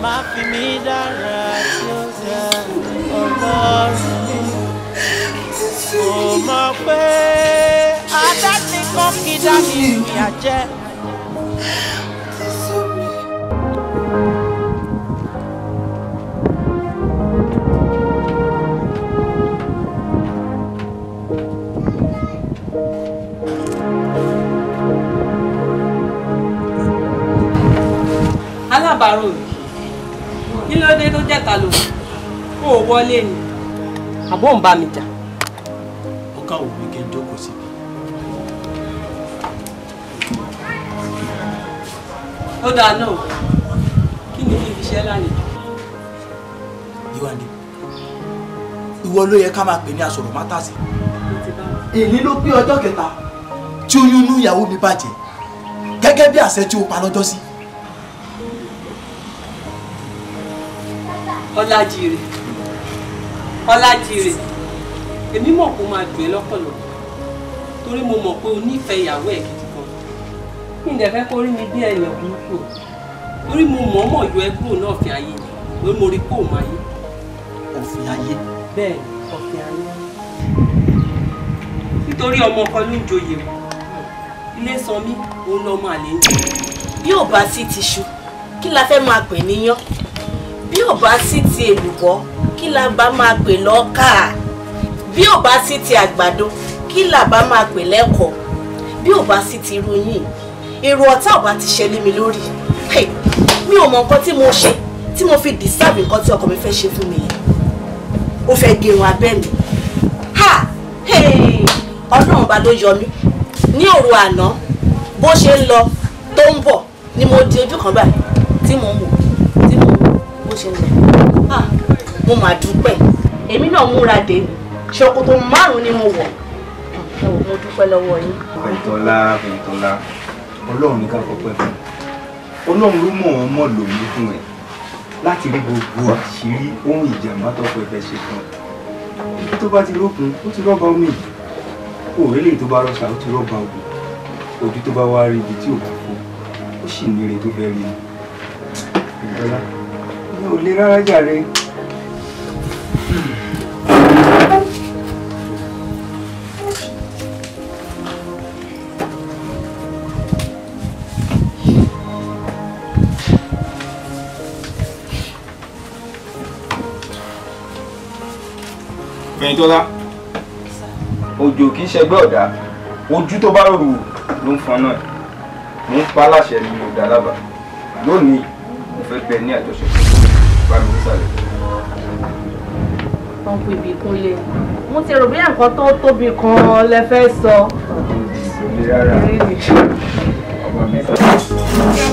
má fi mí dára tí ó kí dá mi ìrìn àjẹ́. alábàárò mi kí ló dé tó jẹ́ta lò kó o wọlé ni àbó ń bá mi jà. ó káwọ mi kí n jókòó síbi. ó dáa náà kí ni kí n fi ṣe lálejò. ìwádìí ìwọ ló yẹ ká máa pè ní asọ̀rọ̀ mátàsí. èyí ló pé ọjọ́ kẹta tí oyún inú ìyàwó mi bàjẹ́ gẹ́gẹ́ bí àṣẹ tí o pa lọ́jọ́ sí. ọlájire ọlájire èmi mọ̀ kó máa dùn ẹ́ lọ́pọ̀lọpọ̀ torí mo mọ̀ pé o nífẹ̀ẹ́ ìyàwó ẹ̀ gidi gan kí n dẹ̀ fẹ́ kó rí mi bí ẹ̀yàn burúkú torí mo mọ̀ mọ̀ yọ ẹ kúrò náà fi ayé lórí mo rí kó o máa yé. òfin ayé. bẹ́ẹ̀ òfin ayé. nítorí ọmọ kan ló ń joyè wọn ilé sanmi òun lọ́mọ àlè ń jẹ. yóò bá sí ti kí la fẹ́ máa pè níyàn bí ò bá sí ti èlùbọ́ kí la bá máa pè lọ́kà bí ò bá sí ti àgbàdo kí la bá máa pè lẹ́kọ̀ọ́ bí ò bá sí ti irú yìí èrò ọ̀tá ò bá ti ṣẹlẹ̀ mi lórí mi ò mọ nǹkan tí mo ṣe tí mo fi dìsáàbì nǹkan tí ọkọ mi fẹ́ ṣe fún mi yẹn ó fẹ́ gẹrun abẹ́ mi ha ọlọ́run ba ló yọ mí ní òru àná bó ṣe ń lọ tó ń bọ̀ ni mo di ojú kan báyìí tí mo ń wò ló ṣẹlẹ̀ mo mà dúpẹ́ èmi náà múra dé ṣòkòtò márùn-ún ni mo wọ̀ mo dúpẹ́ lọ́wọ́ yín. bẹ̀tọ́lá bẹ̀tọ́lá ọlọ́run ní ká fọpẹ́ fún ọlọ́run ló mọ̀ ọ́n mọ̀ lòun fún ẹ̀ láti rí gbogbo àṣírí ohun ìjàmbá tọ́pọ̀ ẹ̀fẹ́ ṣe fún ẹ ibi tó bá ti rókun ó ti rọ́bà omi òwe lè tó bá rọ́ṣà ó ti rọ́bà ògùn ojú tó bá wá rí ibi tí ò bá kó ó sì ní ire tó fẹ́ rí ni mi ò lè rárá jàre. Fẹ́yìntọ́lá òjò kì í ṣẹgbẹ́ ọ̀dá ojú tó bá rò wò ló ń fọn náà mo ń pa aláṣẹ mi ò dá lábàá lónìí mo fẹ́ bẹ ní àjọṣepọ̀ bá mi nísàlẹ̀. wọ́n kú ibi tó le mo ti rò bóyá nǹkan tó tóbi kan lẹ fẹ́ sọ. ọmọ mi.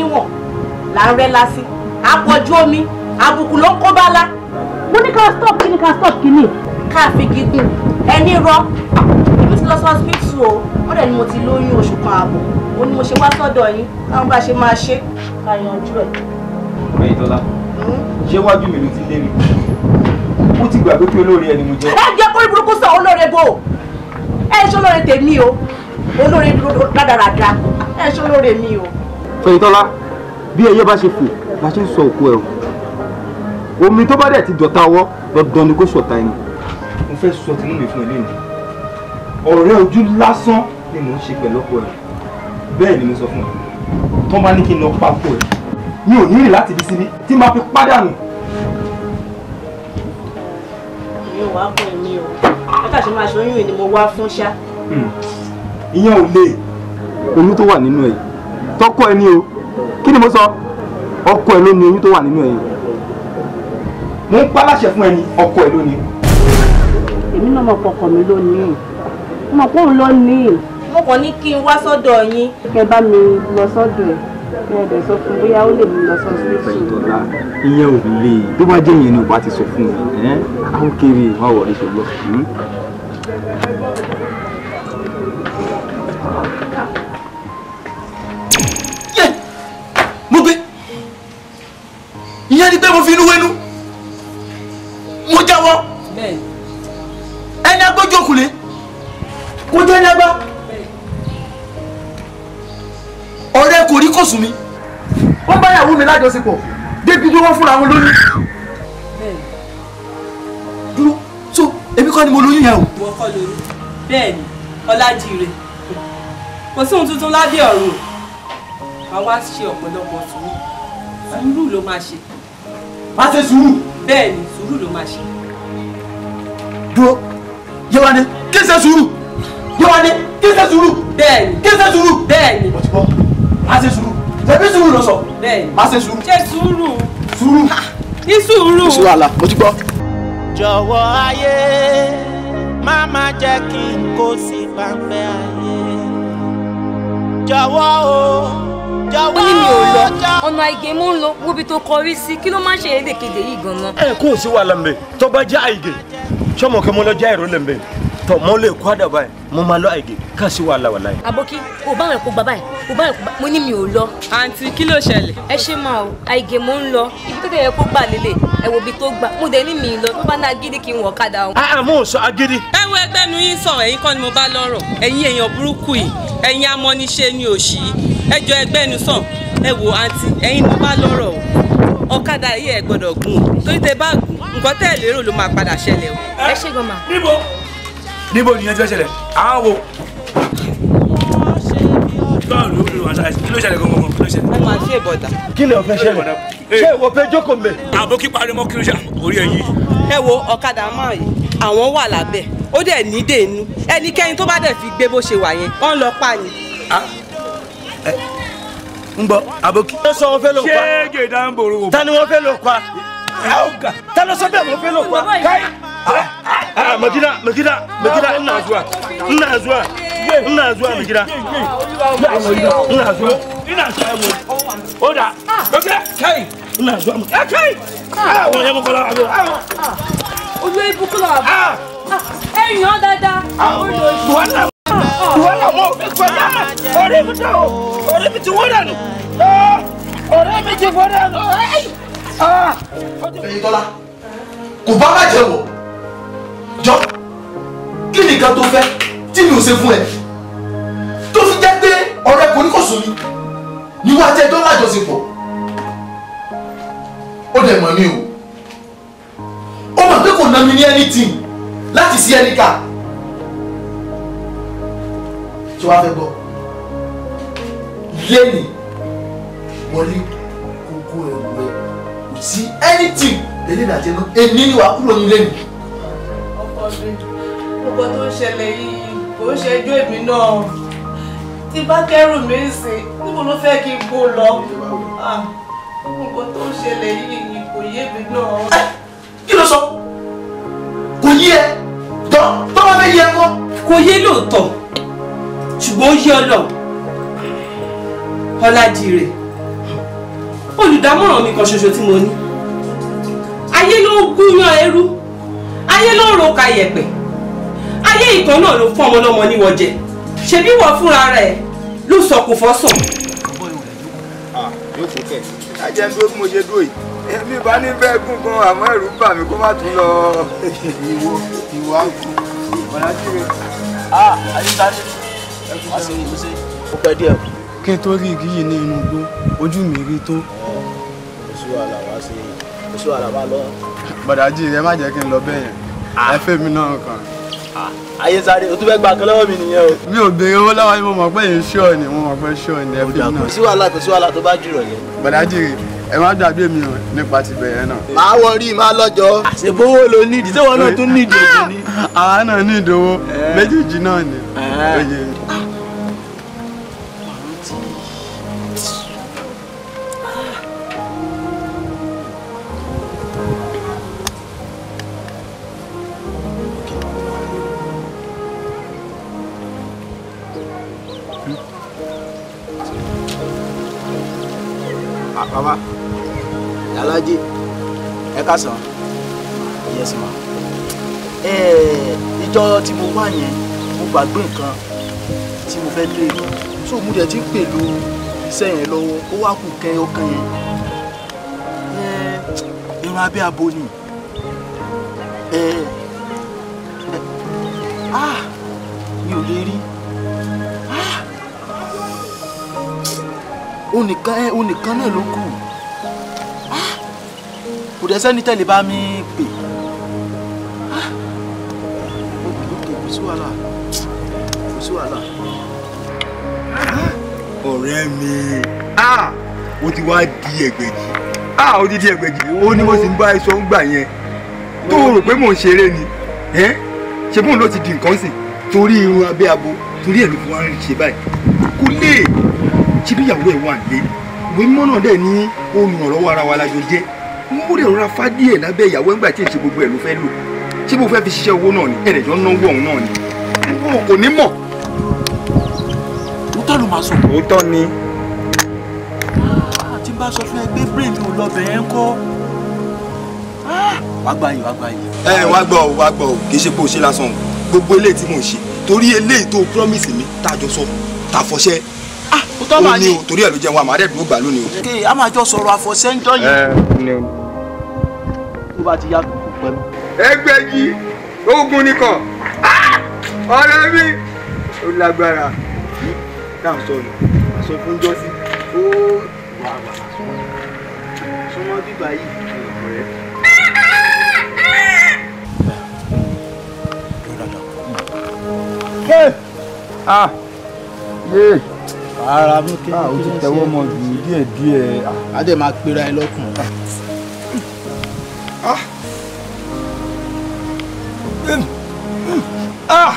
níwọ̀n là ń rẹ́ lásì àpọ̀jù omi àbùkù ló ń kó bá lá. mo ní ká stop kí ni ká stop kí ni. ká fi gígùn ẹni rọ èmi ti lọ sí hospital o wọ́n dẹ̀ ni mo ti lóyún oṣù kan ààbọ̀ ó ní mo ṣe wá sọ́dọ̀ yín káwọn bá ṣe máa ṣe ká yanjú ẹ̀. ọ̀rẹ́ ìtọ́lá hmm? ṣé wájú mi ló ti lé mi ó ti gbàgbé pé olóore ẹni mo jẹ́. ẹ jẹ́ kó burúkú sọ olóore bò ẹ ṣe olóore tèmi o olóore rádaràda ẹ ṣe olóore mi o. Fẹ̀yìntọ́lá bí ẹyẹ bá ṣe fò la ṣe ń sọ òkú ẹ̀rù omi tó bá dẹ̀ ti dọ̀ta ọwọ́ dandan ni kò sọ̀tà ẹni. mo fẹ́ sọ tinú mi fún ẹ lẹ́nu ọ̀rẹ́ ojú lásán ni mò ń ṣe pẹ̀lú ọkọ ẹ̀ bẹ́ẹ̀ ni mo sọ fún ẹ tó bá ní kí n lọ pa ọkọ ẹ̀ mi ò ní rìn láti ibi síbi tí máa fi pádànù. mi ò wá fún ẹ̀mí o látàṣe máa ṣe oyún ni mo wá fún ṣá. Hmm. ìyẹn ò le oyún tó wà nínú ẹ̀ yìí tọkọ ẹ o kí ni mo sọ ọkọ ẹ ló ní oyún tó wà nínú ẹ yìí mo ń pa láṣẹ fún ẹni ọkọ ẹ ló ní. èmi náà mọ̀ pọkàn mi ló ní mọ̀ pé òun ló ní. mo kàn ní kí n wá sọ́dọ̀ yín. kẹ bá mi lọ sọ́dọ̀ ẹ̀ kẹ ẹ dẹ̀ sọ fún bóyá ó lè mú lọ sọ́dọ̀ ẹ̀. ìyẹn ò lè tó bá jẹ́ ìyẹn ni ò ti sọ fún mi àwọn kiri ìwà wọlé ṣùgbọ́n. Hmm? ìyẹn ni pé mo fi inú wẹnu mo jáwọ́ ẹni agbójú òkùnlé kó jẹ́ ẹni agbá ọ̀rẹ́ kò rí kò sùn mi wọ́n bá yàwó mi lájọṣepọ̀ débi pé wọ́n fúnra wọn lóyún dúró so èmi kọ́ ni mo lóyún yẹn o. ìwọ kọ́ lóyún bẹ́ẹ̀ ni ọlájire kò sí ohun tuntun lábẹ́ ọ̀run àwọn á ṣe ọ̀pọ̀lọpọ̀ sùúrù sùúrù ló máa ṣe a ṣe sùúrù. bẹ́ẹ̀ ni sùúrù ló máa ṣe. dúró yéwándé kí n ṣe sùúrù yéwándé kí n ṣe sùúrù. bẹ́ẹ̀ ni kí n ṣe sùúrù. bẹ́ẹ̀ ni ọtí a ṣe sùúrù ṣebí sùúrù ló sọ. bẹ́ẹ̀ ni a ṣe sùúrù. ṣe sùúrù. sùúrù. ní sùúrù. kò sí wàhálà mo ti gbọ́. jọ̀wọ́ ayé má jẹ́ kí n kó sí pàmpẹ́ ayé jọ̀wọ́ o ó ní mi ò lọ ọ̀nà àìgè mú ń lọ wóbi tó kọrí sí kí ló máa ń ṣe èdèkedè yìí gan-an. ẹ kò sí wàhálà mbẹ tó bá jẹ àìgè sọmọ kí mo lọ jẹ àìrò lẹ mbẹ tọ mo lè kó àdàbà yẹn mo máa lọ àìgè ká sí wàhálà wàhálà yẹn. àbókí kò bá wọn kó bàbá yẹn kò bá wọn kó bá mo ní mi ò lọ. àǹtí kí ló ṣẹlẹ̀. ẹ ṣe máa o àìgè mo ń lọ ibi tó yẹ kó gbà lélẹ̀ ẹ wo ibi tó gbà mo dẹ̀ ní mi ì lọ tó bá ní agídí kí n wọ̀ ọ̀kadà o. àà ah, ah, mo sọ agídí. ẹ wo ẹgbẹ́ nu yín sọ ẹ̀yin kọ́ ni mo bá lọ́rọ̀ ẹ̀yin èèyàn burúkú yìí ẹ̀yin amọ́niṣe ni òṣì yìí ẹjọ́ ẹgbẹ́ ẹnu sàn ẹ wò àǹtí ẹ̀yin ló bá lọ́rọ̀ o ọ̀kadà yìí ẹ gbọ́dọ̀ gùn torí tẹ bá gùn nǹkan tẹ́ ẹ lérò ló máa padà ṣẹlẹ̀ o. ẹ ṣe gan ma. níbo níbo nìyẹn ti fẹ́ ṣẹlẹ̀ àáwò. kí ló ṣẹlẹ̀ gangan kí ló ṣẹlẹ̀. ẹ máa ṣe ìbọ̀dà. kí ló fẹ́ ṣẹlẹ̀ ṣé ìwọ fẹ́ jókòó mbẹ. àbókí parimọ́ kí ló ṣe orí ẹ ẹ wo ọ̀kadà máa yìí àwọn wà lábẹ́ ó dẹ̀ ní dèénú ẹnikẹ́ni tó bá dẹ̀ fi gbé bó ṣe wà yẹn wọ́n lọ pààyàn n eh, bọ aboki. ṣé sọ wọn fẹ́ lò pa. ṣé gèdè ń bòrò wò. tani wọn fẹ́ lò pa. tani sọ bẹ́ẹ̀ wọn fẹ́ lò pa. káyì. mẹkida madina. mẹkida n na zuwa n na zuwa n na zuwa mẹkida n na zuwa n na zuwa o da mẹkida káyì n na zuwa mẹkida káyì. wọn yẹ mọkànlá àbẹ. Ah. olú ibùkún la. Ah. Ah. ẹ̀yàn dáadáa. wàhálà ìwọ làwọn ò fi kọjá ọ̀rẹ́ mi dà o ọ̀rẹ́ mi ti wọ́n dànù ọ̀rẹ́ mi ti wọ́n dànù. ẹyin tọ́lá kò bá bàjẹ́ wò jọ kí nìkan tó fẹ́ tí mi ò ṣe fún ẹ tó fi jẹ́ pé ọ̀rẹ́ kò ní kò sùn ni níwájú ẹjọ́ lájọṣepọ̀ ó dẹ̀ mọ̀ mí o ó mọ̀ pé kò ná mi ní anything láti sí ẹnìkan tí wàá fẹ́ gbọ́ lẹ́nìí wọlé kókó ẹ̀rù rẹ kò sí anything lẹ́nìí ìdájẹ́ náà èmi ni wàá kúrò nílé mi. ọkọ mi gbogbo tó ń ṣẹlẹ̀ yìí kò ń ṣẹjú èmi náà tí bá kẹ́rù mi sìn níbo ló fẹ́ kí n kó lọ ah, gbogbo tó ń ṣẹlẹ̀ yìí kò yé mi náà. Eh, kí ló sọ kò yé ẹ tọ́ tọ́ bá fẹ́ yé ẹ kọ́. kò yé lóòótọ́ kí ọ lọ ọlájire olùdámọ̀ràn mi kan ṣoṣo tí mo ní ayé ló ń gúnyán ẹrú ayé ló ń roka yẹ̀pẹ̀ ayé ìkan náà ló fún ọmọlọ́mọ níwọ̀ jẹ ṣebí wọ́n fúnra rẹ̀ ló sọkùn fọ́sàn. ajẹ́ ah, bí mo ṣe dúró yìí èmi bá ní bẹ́ẹ̀ gùn gan àmọ́ ẹ̀rù bà mí kó má tún lọ. ìwọ ìwọ àgùn ọ̀làjire. ah ayé ta ni wá sí ìlú sí. ó pẹ́ díẹ̀. kí n tó rí igi yìí ní inú igbó ojú mi rí tó. oṣù àlàwá sí oṣù àlàwá lọ. bàdájì rẹ má jẹ́ kí n lọ bẹ́ẹ̀ yẹn ẹ fẹ́ mi náà kàn. ayé sáré o tún fẹ́ gba kan lọ́wọ́ mi nìyẹn o. mi ò béèrè owó lọ́wọ́ yín mo mọ̀ pé yín ṣọ́ọ̀ ni mo mọ̀ pé ṣọ́ọ̀ ni ẹ fẹ́ mi náà. kò sí wàhálà kò sí wàhálà tó bá jùrọ̀ yẹn. bàdájì ẹ má gbàgbé mi o nípa ti bẹ̀rẹ̀ náà. màá wọ rí i máa lọ́jọ́. àṣebówó ló ní ìdí sẹ́wọ̀n náà tún ní ìdí òjò ni. àwa náà ní ìdòwò méjèèjì náà ni. kásán yes ma ìjọ tí mo wá yẹn mo gbàgbé nǹkan tí mo fẹ́ dé so mo dẹ̀ ti ń pẹ̀lú iṣẹ́ yẹn lọ́wọ́ ó wá kù kẹ́ ọkàn yẹn irun abẹ́ abo ni ah, mi ò lè rí òun ah! nìkan náà ló kù dẹ̀ sẹ́ni tẹ́lẹ̀ bá mi pè kò sí wàhálà kò sí wàhálà. ọ̀rẹ́ mi ó ti wá di ẹ̀gbẹ̀jì ó ti di ẹ̀gbẹ̀jì ó ní mo sì ń bá ẹ ń gbà yẹn tó o rò pé mò ń ṣeré ni ṣe bóun ló ti di nǹkan sìn torí irun abẹ́ abo torí ẹ̀ ló fi wá ń ṣe báyìí kò lè ṣe bí ìyàwó ẹ̀ wà nílé ìwé mímọ́ náà dẹ̀ ní olùrànlọ́wọ́ ara wa lájọ jẹ́ mo lè rọra fádí ẹ̀ lábẹ́ ìyàwó ńgbà tí èsì gbogbo ẹ̀ ló fẹ́ lò ṣé mo fẹ́ fi ṣiṣẹ́ owó náà ni ẹ̀rẹ̀ jọ ń náwó ọ̀hún náà ni wọn kò ní mọ̀. òótọ́ ló máa sọ. òótọ́ ni. àti ah, bá sọ fún ẹ pé brain mi ò lọbẹ̀ ah, ẹ ń kọ́. wàá gbà yìí wàá gbà yìí. ẹ wàá gbọ́ ọ wàá gbọ́ ọ kì í ṣe pé o ṣe lásán o gbogbo eléyìí tí mò ń ṣe torí eléyìí tó promise mi tá a jọ sọ tá a fọṣẹ ah, ó ní o torí ẹ ló jẹun àmọ́ àdẹ́dùn ó gbà lónìí o. a máa jọ sọ̀rọ̀ àfọ̀ṣẹ́ ń jọ yìí tó bá ti yá kò pẹ́ mọ́. ẹgbẹ́jì ogun nìkan ah! ọ̀rẹ́ mi ó lágbára náà sọnù àṣọ fún jọ́sí ó wà wà sọmọ bíbá yìí ọ̀rẹ́. Ah, yeah ara mú kí ah, ó ti tẹwọ́ mọ jù díẹ̀ díẹ̀. a dẹ̀ máa pera ẹ lọ́kùnrin. Ah! Hmm. Hmm. Ah!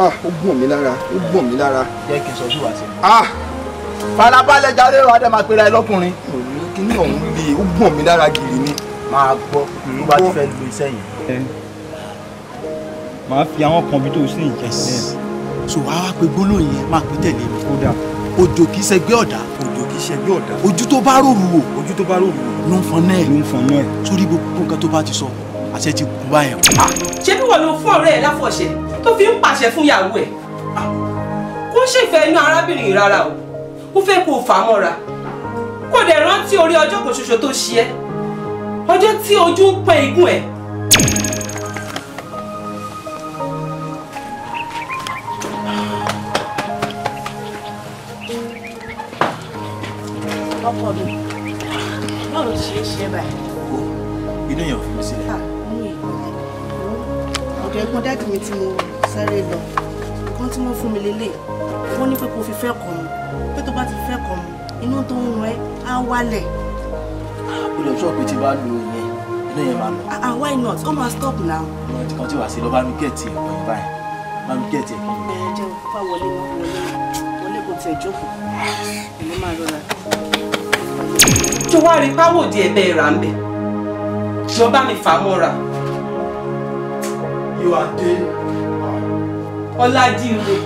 Ah, ó gbọ̀n mí lára, ó gbọ̀n mí lára. Jẹ́ kí n sọ sí wa sí. Ah! Farabalẹ̀ jáde wa dẹ́ máa pera ẹ lọ́kùnrin. Kíní ọ̀hún le, o gbọ̀n mí lára gidi ni. Máa gbọ́, ló bá ti fẹ́ lu iṣẹ́ yẹn. Màá fi àwọn kan bí tó sì ń Sọ wá wá pé gbólóhùn máa pé tẹ̀lé mi. Kódà òjò kì í ṣẹgbẹ́ ọ̀dà. òjò kì í ṣẹgbẹ́ ọ̀dà. ojú tó bá rò wò. ojú tó bá rò wò. ló ń fọn náà. ló ń fọn náà. sórí gbogbo nǹkan tó bá ti sọ àṣẹ ti kú báyẹn. ṣé bí wọn lo fún ọ̀rẹ́ ẹ láfọṣẹ tó fi ń pàṣẹ fún ìyàwó ẹ kó ṣèfẹ́ inú arábìnrin rárá o ó fẹ́ kó o fà á mọ́ra kó dẹ̀ rántí orí ọjọ́ kan ṣoṣo tó ṣe ẹ́ ọjọ́ tí ojú ń pẹ́ igun ẹ̀ ọkọ mi náà ló ti ṣe é ṣe báyìí. o inú yẹn ò fi mi sílẹ̀. ọ̀dọ̀ ẹ̀gbọ́n dáàdì mi tí mo sáré lọ nǹkan tí wọ́n fún mi lélẹ̀ wọ́n ní pé kò fi fẹ́ kọ̀ mi pé tó bá ti fẹ́ kọ̀ mi inú tó ń rún ẹ á wálẹ̀. o lè bá lo ìyẹn inú yẹn máa lọ. Ah, ah why not ó máa stop now. ọ̀rọ̀ ìtìkan tí wàá sí lọ bá mi gẹ̀ẹ́tì ẹ̀kọ́ yẹn báyìí bá mi gẹ̀ẹ́tì ẹ̀kọ́ yẹn. ẹ jẹ́ òkú fáwọlé wọn wọlé wọlé kò tẹ̀ jókòó èmi ah tó wá rí páwò di ẹ̀bẹ̀ ìrà ń bẹ̀ tí ọba mi fà mọ́ra. yóò adé. ọlájíire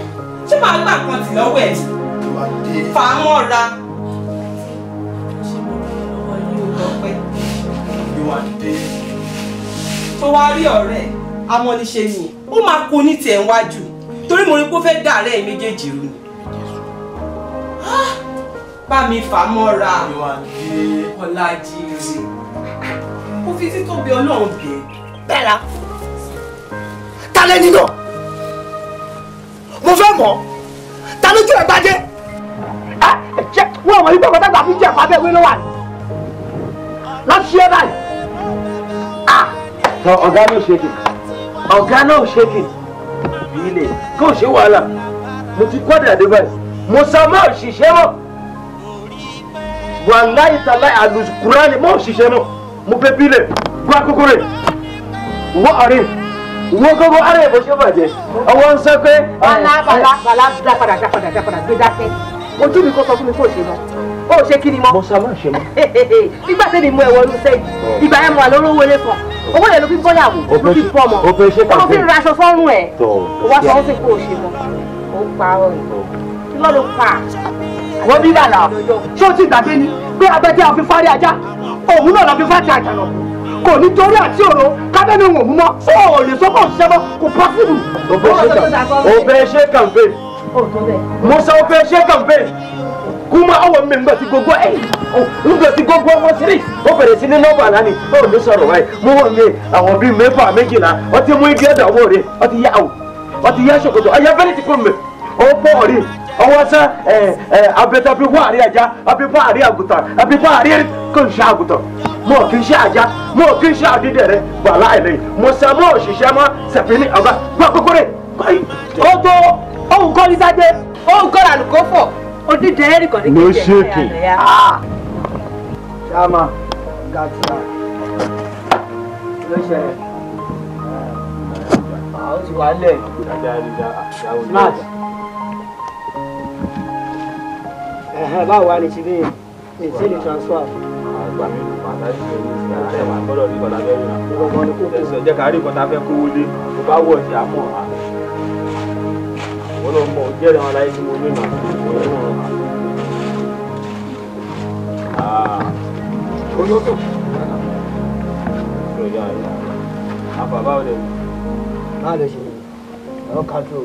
ṣé màá gbà kan tì lọ́wọ́ ẹ̀. yóò adé. fà mọ́ra. yóò adé. tó wá rí ọ̀rẹ́ amọ́niṣe ni ó máa kó ní tiẹ̀ wájú torí mo rí pé ó fẹ́ dàrẹ́ méjèèjì rú ni bá mi fà mọ́ra ọ̀làjìrì ó fi títóbi ọlọ́run bẹ̀. bẹ́ẹ̀ra ta lẹ́ni náà mo fẹ́ mọ̀ ta lójú ẹ̀ bàjẹ́ wọ́n mọ̀ wípé ọ̀gá tàbí jẹ́ ìpàdé ìwé ló wà ní láti ṣe báyìí. tọ ọ̀gá náà ṣe kìí ọ̀gá náà ṣe kìí ìbílẹ̀ kò ṣe wàhálà mo ti kọ́ dàdé báyìí mo sọ mọ́ òṣìṣẹ́ mọ́ wàláyé tàláyé àlùkùránì mọ́ òṣìṣẹ́ náà mo fẹ́ bílẹ̀ gbá kókó rẹ̀ wọ́n àárẹ̀ wọ́n kókó àárẹ̀ bó ṣe bàjẹ́ ọwọ́ ń sọ pé. bàlá bàlá ah, bàlá dá padà dá padà dá padà gbé dákẹ́ ojú mi kò sọ fún mi kó ṣe mọ́ ó ṣe kí ni mọ́. mọ́sá máa ṣe mọ́. nígbà tẹ́mi mú ẹ̀wọ̀ ọdún sẹ́yìn oh. ìgbà ẹ̀ mọ̀ àlọ́ olówó ilé kan owó yẹn ló fi bọ́yàwó ló fi fọmọ ó ló fi raṣọ sọ́rùn ẹ̀ oh, wá sọ ó sì kó ṣe mọ́ ó oh. pa ọ̀rọ̀ kí lọ́ọ́ wọ́n bí bàlà ṣé o ti gbàgbé ni pé abẹ́tẹ́ àfi fárí ajá òun náà làfi fáti àjànà kò ní torí àti òro kábẹ́ni wò mú mọ́ ó lè sọ kó ṣiṣẹ́ mọ́ kò pọ́sibù. o fẹ́ ṣe kàmpé mo sọ o fẹ́ ṣe kàmpé kuma awo mi ŋgbà tí gbogbo ẹ ŋgbà tí gbogbo ọmọ siri ó bẹ̀rẹ̀ sí ní nọ́ọ̀bà lánìí ó ní sọ̀rọ̀ wáyé mo wọ̀ mi àwọn bíi mẹ́fà méjìlá ó ti mú igi ẹ̀dá owó rẹ̀ ó ti yá àwò ó ti yá ṣòkòtò ayé fẹ́rẹ́ ti kún mi ó bọ̀ rí ọwọ́ sẹ́ ẹ ẹ abẹ́tẹ́ abẹ́wọ́ àrí ajá abẹ́wọ́ àrí àgùntàn abẹ́wọ́ àrí kò ń ṣe kì í ṣe ajá mo kì í ṣe àdídẹ rẹ wà láìlẹ sẹ mo òṣìṣẹ́ mọ sẹ̀fínì ọba gbọ́ kókórè. ó tó ohun kọ́ ní sáde ohun kọ́ ra lùkọ́ fọ̀ odídẹ ẹ̀rì kan ní ah. Ah. kí ẹ̀ àlẹ́ yá. ló ṣẹlẹ̀ ah, ó ti wà á lẹ̀. báwo wá ní ṣe bí ètí ní transfer. àgbà mi kò máa láti ṣe ìṣẹ́ àlẹ́ wà gbọ́dọ̀ rí ìkọ̀tà fẹ́ rìnà. ẹ̀sọ̀ jẹ́ ká rí ìkọ̀tà fẹ́ kówó lé tó bá wọ̀ sí àmọ́ àná. olóńgbò jẹ́rìí wọn láyé tí mo ní ìmọ̀ olóòtú. àbàbà ò lè. má lè ṣe ọ̀rọ̀ kájú.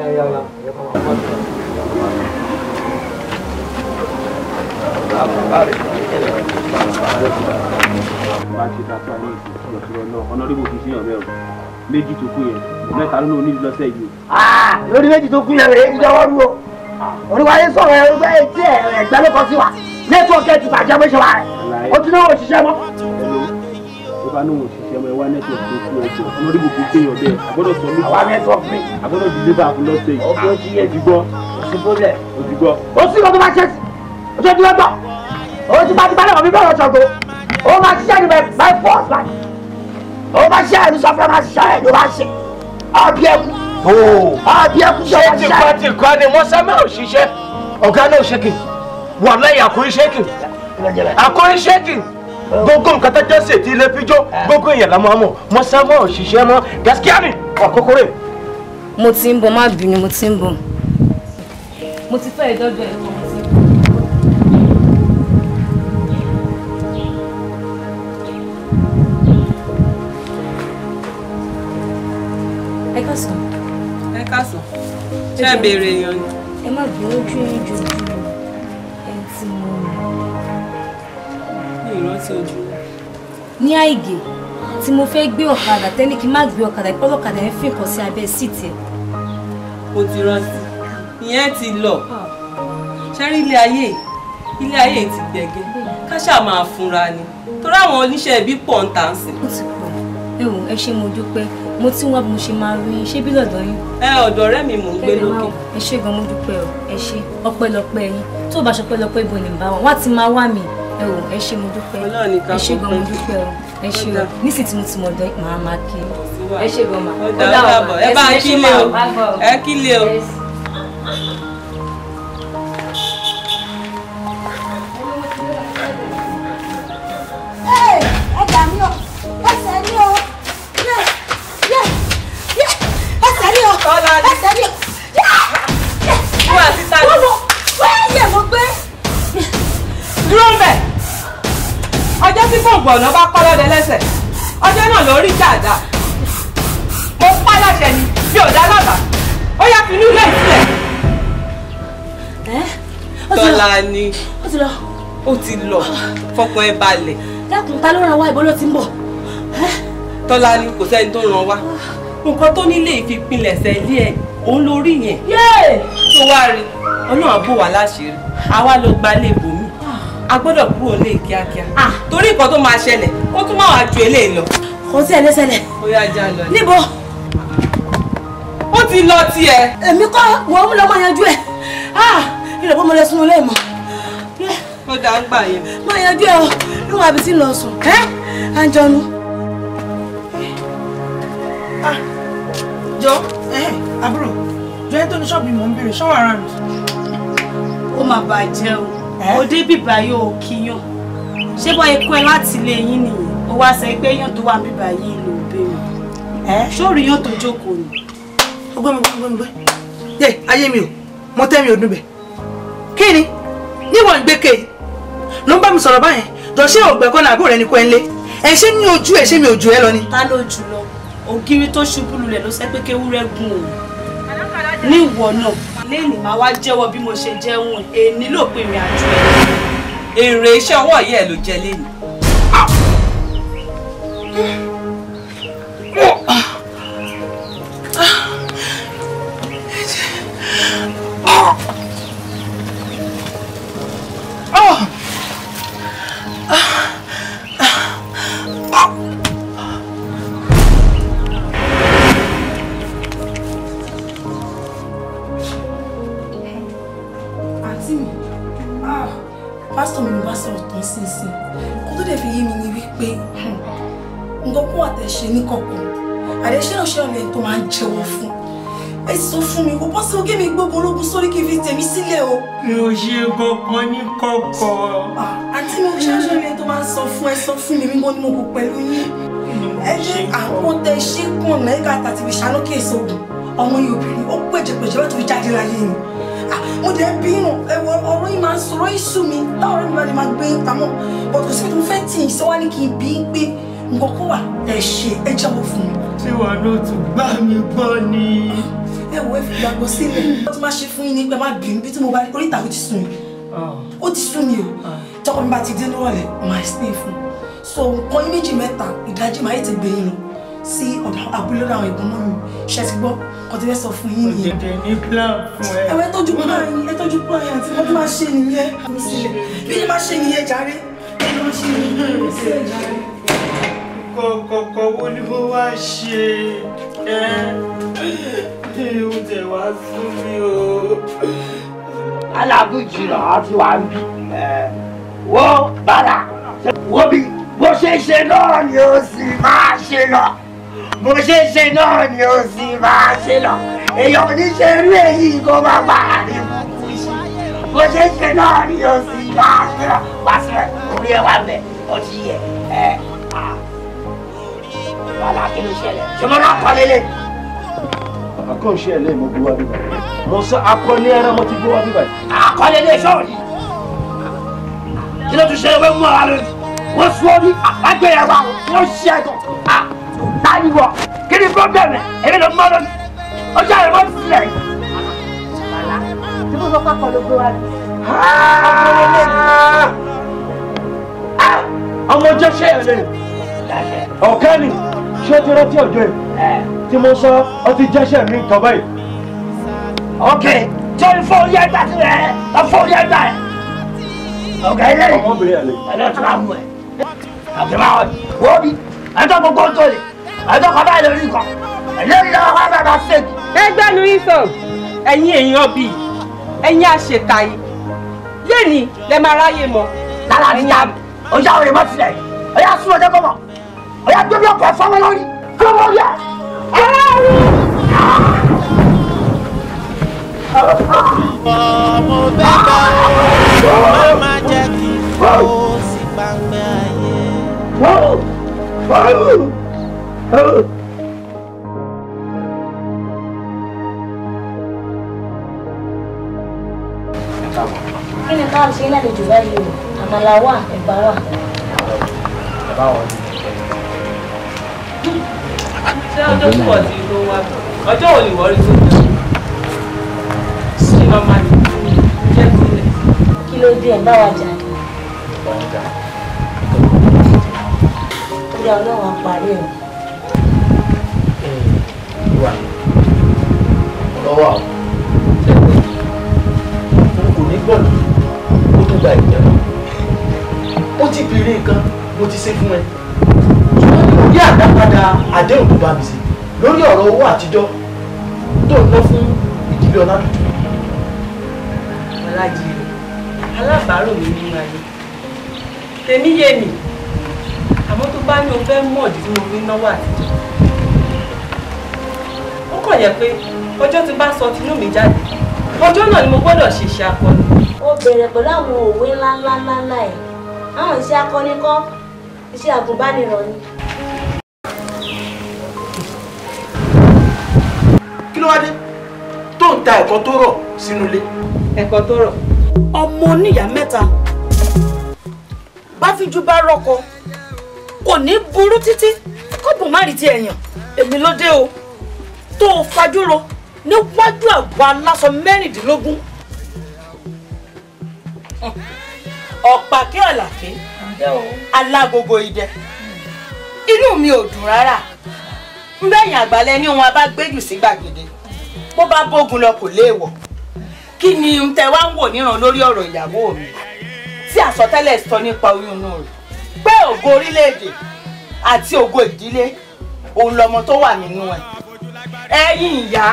哎，要了，别帮我换去了。méjì tó kú yẹn mẹ́ta ló ní lọ́sẹ̀ yìí lórí méjì tó kú yẹn rèé ti jọwọ́ rú o olùwáyé sọ̀rọ̀ ẹ̀ ẹgbẹ́ ẹ̀jẹ̀ ẹ̀gbẹ́ ló kọ sí wa nẹ́tíwọ̀kì ẹ̀ ti bàjẹ́ bó ṣe wà o ti náwó òṣìṣẹ́ mọ́ tó bá níwọ̀n òṣìṣẹ́ ọmọ ẹwà nẹ́tíwọ̀kì tó fún ẹjọ́ ọmọdé gbogbo gbé yàn bẹ́ẹ̀ àgbọ́dọ̀ sọ mí. àwa nẹ́tíwọ̀kì mi. àgbọ́dọ̀ dìde bá àbúlọ ṣe yìí. ọgbọ́n ti ah, yẹ ti gbọ́. òṣìbó lẹ̀. òṣìgbọ́. ó sì lọ́dún máa ṣe ọjọ́ ìdílé gbọ́. ó ti bá ti bá lọ́wọ́ mi bẹ́ẹ̀ lọ́sọ̀gbọ́. ó máa ṣiṣẹ́ ni my first man. ó máa ṣiṣẹ́ ẹ̀mí sọ fún ẹ máa ṣiṣẹ́ ẹ̀ ló máa ṣe. àbí ẹkú. àbí ẹkú ṣe wá ṣiṣẹ́. ṣé tìkọ́ tìkọ́ ni wọ́n sá máa òṣìṣẹ́ ọ̀gá gbogbo nǹkan tó jẹ́ ṣètì ilé fíjọ́ ah. gbogbo èèyàn la máa mọ̀ mọ sámọ́ òṣìṣẹ́ mọ́ gaskiya ni àkókò rẹ̀. mo ti ń bọ̀ má bínú mo ti ń bọ̀ mo ti fẹ́ ìdọ́jọ́ ẹ̀rọ mo ti ń ẹ ká ẹ ká ṣé ẹ béèrè èèyàn ni. ẹ má bínú ojú yín jù. ti ojú. ní àìgè tí mo fẹ́ gbé ọ̀kadà tẹ́lẹ̀ kí n má gbé ọ̀kadà ìpọ́lọ̀ ọ̀kadà yẹn fìkan sí abẹ́ síìtì ẹ̀. o ti rántí ìyẹn ti lọ ṣẹ́rí ilé ayé ilé ayé ti gbẹ̀gẹ́ ká ṣáà máa funra ni torí àwọn oníṣẹ́ ibi pọ̀ ń tà ń sìn. ó ti pọ̀ ẹ wò ẹ ṣé mo dúpẹ́ mo ti wá bí mo ṣe máa rí i ṣé bí lọ́dọ̀ yín. ẹ ọ̀dọ̀ ọ̀rẹ́ mi mò ń gbé lókè. ẹ ṣé gan mo dúpẹ́ o ẹ ṣé ọpẹ́lọpẹ́ yín tó bá ṣọpẹ́lọpẹ́ ibo ni bá wọn wá ti máa wá mi ẹ wò ẹ ṣé mo dúpẹ́ ẹ ṣé gan mo dúpẹ́ o ẹ ṣé o nísì tí mo ti mọ̀ dán màá máa kí ẹ ṣé gan ma ó dá ọ̀bọ̀ ẹ bá kí lé o ẹ kí lé o. Dúró ń bẹ̀ ọjọ́ tí gbòǹgbò ọ̀nà bá pọ́ lọ́dẹ lẹ́sẹ̀ ọjọ́ náà ló rí jàdá mo pa láṣẹ ni mi ò dá lọ́bà ó yá fi inú ilé ìsílẹ̀. Tọ́lání ó ti lọ fọkàn ẹ balẹ̀. dákun ta ló ràn wá ìbò ló ti ń bọ̀. Tọ́lání kò sẹ́ni tó ràn wá nǹkan tó nílé ìfipilẹ̀sẹ̀ ilé ẹ̀ òun lórí yẹn. tó wá rí ọlọ́run bò wá láṣìírí àwa ló gbalẹ̀ bò a gbọ́dọ̀ kúrò lé kíákíá torí nǹkan tó máa ṣẹlẹ̀ ó tún máa wà ju eléyìí lọ. kò sí ẹlẹ́sẹ̀lẹ̀. ó yá ajá lọ ni. níbo. ó ti lọ tiẹ̀. èmi kọ́ wọ́n mú lọ́mọ yanjú ẹ̀ ìrọ̀bọ́ mo lè sún ilé mọ́. ó dá ń gbà yẹn. má yanjú ẹ o níwọ̀n àbí tí ń lọ sùn. àjọnu. jọ àbúrò jọ ẹ tó ní ṣọ́ọ̀bù mò ń bèrè ṣọ́wọ́ ara mi. ó máa bàjẹ́ o ó débì báyìí ó kíyàn ṣé bọ́ ikú ẹ láti ilé yín nìyí ó wá sọ pé èèyàn tó wà bíbà yìí ló béèrè ṣóòrì yàn tó jókòó ni. ọgbọ́n mi gbọ́n mi gbọ́n yé ayé mi o mo tẹ́ mi ò dùn bẹ̀ kí ni níwọ̀n gbẹ́kẹ̀ ló ń bá mi sọ̀rọ̀ báyẹn jọ ṣé ògbẹ́kọ́ làbó rẹ ni kò ẹ ń lé ẹ ṣé ní ojú ẹ ṣé mi ò jù ẹ lọ ni. ta ló jù lọ ògiri tó ṣubú lulẹ̀ ló sẹ́ pé kéwúrẹ́ gùn òun ní ìwọ náà lẹ́ẹ̀ni máa wá jẹ́wọ́ bí mo ṣe jẹun èèní ló pè mí àjọ ẹ̀. èrè iṣẹ́ ọwọ́ yìí ẹ̀ ló jẹ lẹ́nu. Ah! nǹkan kún àtẹ̀ṣe ní kọ̀ọ̀kan àdẹ̀ṣe náà ṣe ọ̀lẹ́ tó máa ń jẹ́wọ́ fún ẹ sọ fún mi kò bọ́ sí ogé mi gbógun ológun sórí kí n fi tèmi sílẹ̀ o. mi ò ṣe kankan ní kọ̀ọ̀kan. àǹtí mi ò ṣe aṣọ ilé tó máa ń sọ fún ẹ sọ fún mi mímọ́ ni mo kò pẹ̀lú yín. ẹ ní àwọn tẹ ṣe kùn náírà tàti fi ṣáná kí èso ògùn ọmọ yìí obìnrin ó pẹ̀jẹ̀pẹ̀jẹ̀ láti fi jáde láyé mi mo dẹ̀ bí irun ẹ̀wọ̀ ọ̀rọ̀ yìí máa ń sọ̀rọ̀ ìṣù mi táwọn ọ̀rẹ́ mi máa gbé pamọ́ bọ̀dọ̀ sí nǹkan kó wà ẹ ṣe ẹ jáwọ́ fún mi. ṣé wàá ló tún gbá mi gbọ́ ni. ẹ wo ẹ fi gbàgbọ́ sílẹ̀ wọ́n ti máa ṣe fún yín nípa má bì mí bí tí mo bá orí ìtàwé ti sùn ah. ó ti sún mi o ah. tọkọ mi bá ti dé nírọ̀lẹ́ máa ṣe fún so nǹkan méjì mẹ́ta ìdájí máa ti gbé yín lọ sí ọ̀dọ̀ abúlé àwọn ẹ̀gbọ́n mọ́ mi ṣe ti gbọ́ kan ti fẹ́ sọ fún yín nìyẹn. ọ̀dẹ̀dẹ̀ ní plan fún ẹ. ẹ̀wẹ̀ tọ́jú plan yín ẹ tọ́jú plan yín àti ọdún máa ṣe nìyẹn. bí ẹ máa ṣe nìyẹn jàre bí ẹ máa ṣe nìyẹn jàre kọ̀kọ̀kọ̀ wo ni mo wá ṣe ẹ́ ó tẹ̀ wá sún mi o. alábùjì rà á ti wá ń bí wo bàrà wo bí bó ṣe ṣe náà ni ó sì máa ṣe lọ bó ṣe ṣe náà ni ó sì máa ṣe lọ èèyàn oníṣẹ́ rí èyí kó má bàa rí kúkú ṣe bó ṣe ṣe náà ni ó sì máa ṣe lọ pàṣẹ orí ẹ wá bẹ ọtí yẹ ẹ bàlá kí ló ṣẹlẹ̀ ṣe mo rà pọ̀ lélẹ̀. akọ́ṣẹ́ ẹ̀ lé mo bí wá bíbá mo sọ akọ́lé ẹran mo ti bí wá bíbá. akọ́lé lé ṣọ́ọ̀ ni kí ló tún ṣe é mú ara lójú wọ́n sọ ní àgbẹ̀yẹ̀wò wọ́n ṣe ẹ̀kọ́ táyì wọ kí ni problem ẹ̀ èmi ló mọ́ lónìí ọjọ́ àrẹ wọ́n ti sílẹ̀ yìí. bàlá tí mo sọ pápá ló gbé wá rí. ọmọ ọjọ́ ṣe é lè ọ̀kẹ́ ni ṣé ti rántí ọjọ́ yìí tí mo sọ ọ ti jẹ́sẹ̀ mi nǹkan báyìí. ok tí o fọ oyè ẹgbà tí rẹ ọ fọ oyè ẹgbà ẹ ọgá ilé yìí ọmọbìnrin ẹ lè ẹ lọ tún bá mú ẹ àgbẹ̀bá wọ́n bí ẹjọ́ gbogbo tó lè ẹjọ́ kan báyìí lórí kan lórí lọ́wọ́ wa bàbá ṣèkì. ẹgbẹ́ nu yín sọ ẹ̀yin èèyàn bíi ẹ̀yin àṣetàyè lẹ́ni lẹ́ máa mọ́. lára ní yàrá ojú àwọn èèyàn mọ́ tilẹ̀ ọ̀yà sún ọjọ́ kọ́mọ̀ ọ̀yà gbé bílọ̀kù ẹ̀ fọwọ́ lórí fọwọ́ yẹ ẹ̀rọ rí. ọmọ bẹ́ẹ̀ bá o má má jẹ́ kí o sì gbàgbé ayé. kí ni ká ṣe lálejò báyìí o àmàlà wà ẹ̀bà wà ṣé ọjọ́ púpọ̀ tí ló wá ọjọ́ ò lè wọ́rí tó jẹ́ ṣé lọ́ máa ní jẹ́ sílẹ̀. kí ló dé ẹ̀ bá wa jà ní. ìyá ọlọ́run parí ẹ̀. ìwà lọ́wọ́ àwọn ẹgbẹ́ kò ní gbọ́dọ̀ ó tún gba ìjẹun ó ti bèrè nǹkan mo ti ṣe fún ẹ bí àdápadà àdéhùn tó bá mi sí lórí ọ̀rọ̀ owó àtijọ́ tó ń ná fún ìdílé ọládùúdú. ọlájìrè alábàárò mi ní ayé tèmi yé mi àmọ́ tó bá ní o fẹ́ mọ̀ ìdí tí mo fi náwó àtijọ́ ó kàn yẹ pé ọjọ́ ti bá sọ tinú mi jáde ọjọ́ náà ni mo gbọ́dọ̀ ṣe iṣẹ́ akọni. ó bẹ̀rẹ̀ pẹ̀lú àwọn òwe ńláńláńlá ẹ̀ àwọn iṣẹ́ akọni kọ́ iṣẹ́ àgùnbánirọ̀ ni. kí ló wá dé tó ń ta ẹ̀kọ́ tó rọ̀ sínú ilé. ẹ̀kọ́ tó rọ̀ ọmọ oníyà mẹ́ta bá fíjú bá rọ́kọ kò ní burú títí kọ́pù má rí ti ẹ̀yàn èmi ló dé o tó o fajúro níwájú àgọ́ aláṣọ mẹ́rìndínlógún ọ̀pàkẹ́ ọ̀làkẹ́ alágogo idẹ inú mi ò dùn rárá ń bẹ̀yìn àgbàlẹ̀ ní òun abágbéjù sí gbàgede bó bá bógun lọ kò léèwọ̀ kí ni tẹ wá ń wò níran lórí ọ̀rọ̀ ìyàwó mi tí àsọtẹ́lẹ̀ sọ nípa oyún inú rẹ̀ pé ògo orílẹ̀-èdè àti ògo ìdílé òun lọmọ tó wà nínú ẹ̀ ẹ̀yin ìyá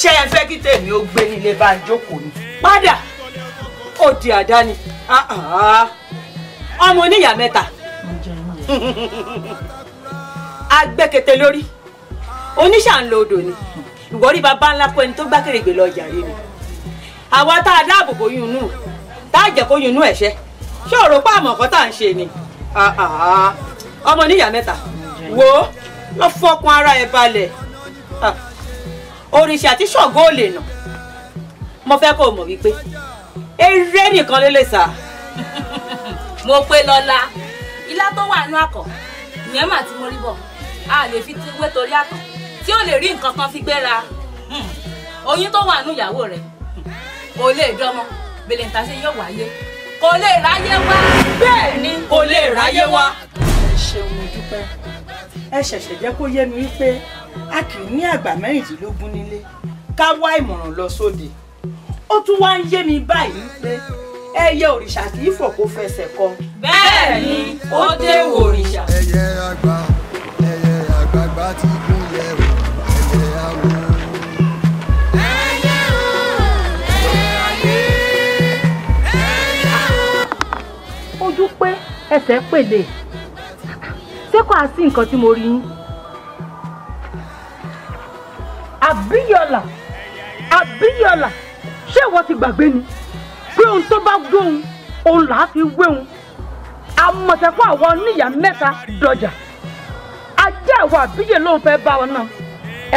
ṣé ẹ fẹ́ kí tèmi ó gbé nílé bá ń jókòó ni padà ó di àdáni ọmọ oníyàá mẹ́ta agbẹ́kẹ̀tẹ̀ lórí oníṣàǹlò odò ni ìwọ rí bàbá ńlá kó ẹni tó gbá kèrègbè lọ ọjà ni àwa tá a dáàbò bò yún inú tá a jẹ kó yún inú ẹ̀ṣẹ́ ṣé o rò pé àmọ̀ kan tá à ń ṣe ni ọmọ níyà mẹ́ta wo lọ fọkàn ara ẹ balẹ̀ òrìṣà tí ṣọ̀gbọ́n ò lè nà mo fẹ́ kó o mọ̀ wípé eré nìkan ló lè sà. mo pe lọ́la ilá tó wà nú àkọ́ ìyẹn mà ti mo rí bọ̀ a lè fi ti torí àtọ̀ tí ò lè rí nǹkan kan fi gbéra hmm. oyún tó wà nù ìyàwó rẹ̀ kò lè dọ́mọ bèlèǹtà ṣe yóò wáyé kò lè ráyé wá bẹ́ẹ̀ ni kò lè ráyé wá. ẹ ṣeun mo dúpẹ́ ẹ ṣẹ̀ṣẹ̀ jẹ́ kó yé mi wípé a kì í ní àgbà mẹ́rìndínlógún nílé ká wá ìmọ̀ràn lọ sóde ó tún wá ń yé mi báyìí pé ẹyẹ òrìṣà kì í fọ̀ kó fẹsẹ̀ kọ. bẹ́ẹ̀ ni ó dé òrìṣà. ẹyẹ àgbà ẹyẹ àgbààgbà ti gún yẹ̀ ẹsẹ̀ pèlè ṣé kò á sí nǹkan tí mo rí yín. àbíyọlà àbíyọlà ṣé ìwọ ti gbàgbé ni pé ohun tó bá gbóhùn òun là á fi wéhun àmọ̀tẹ́kọ́ àwọn oníyà mẹ́ta dọjà ajá ìwà àbíyè lòun fẹ́ bá wọn náà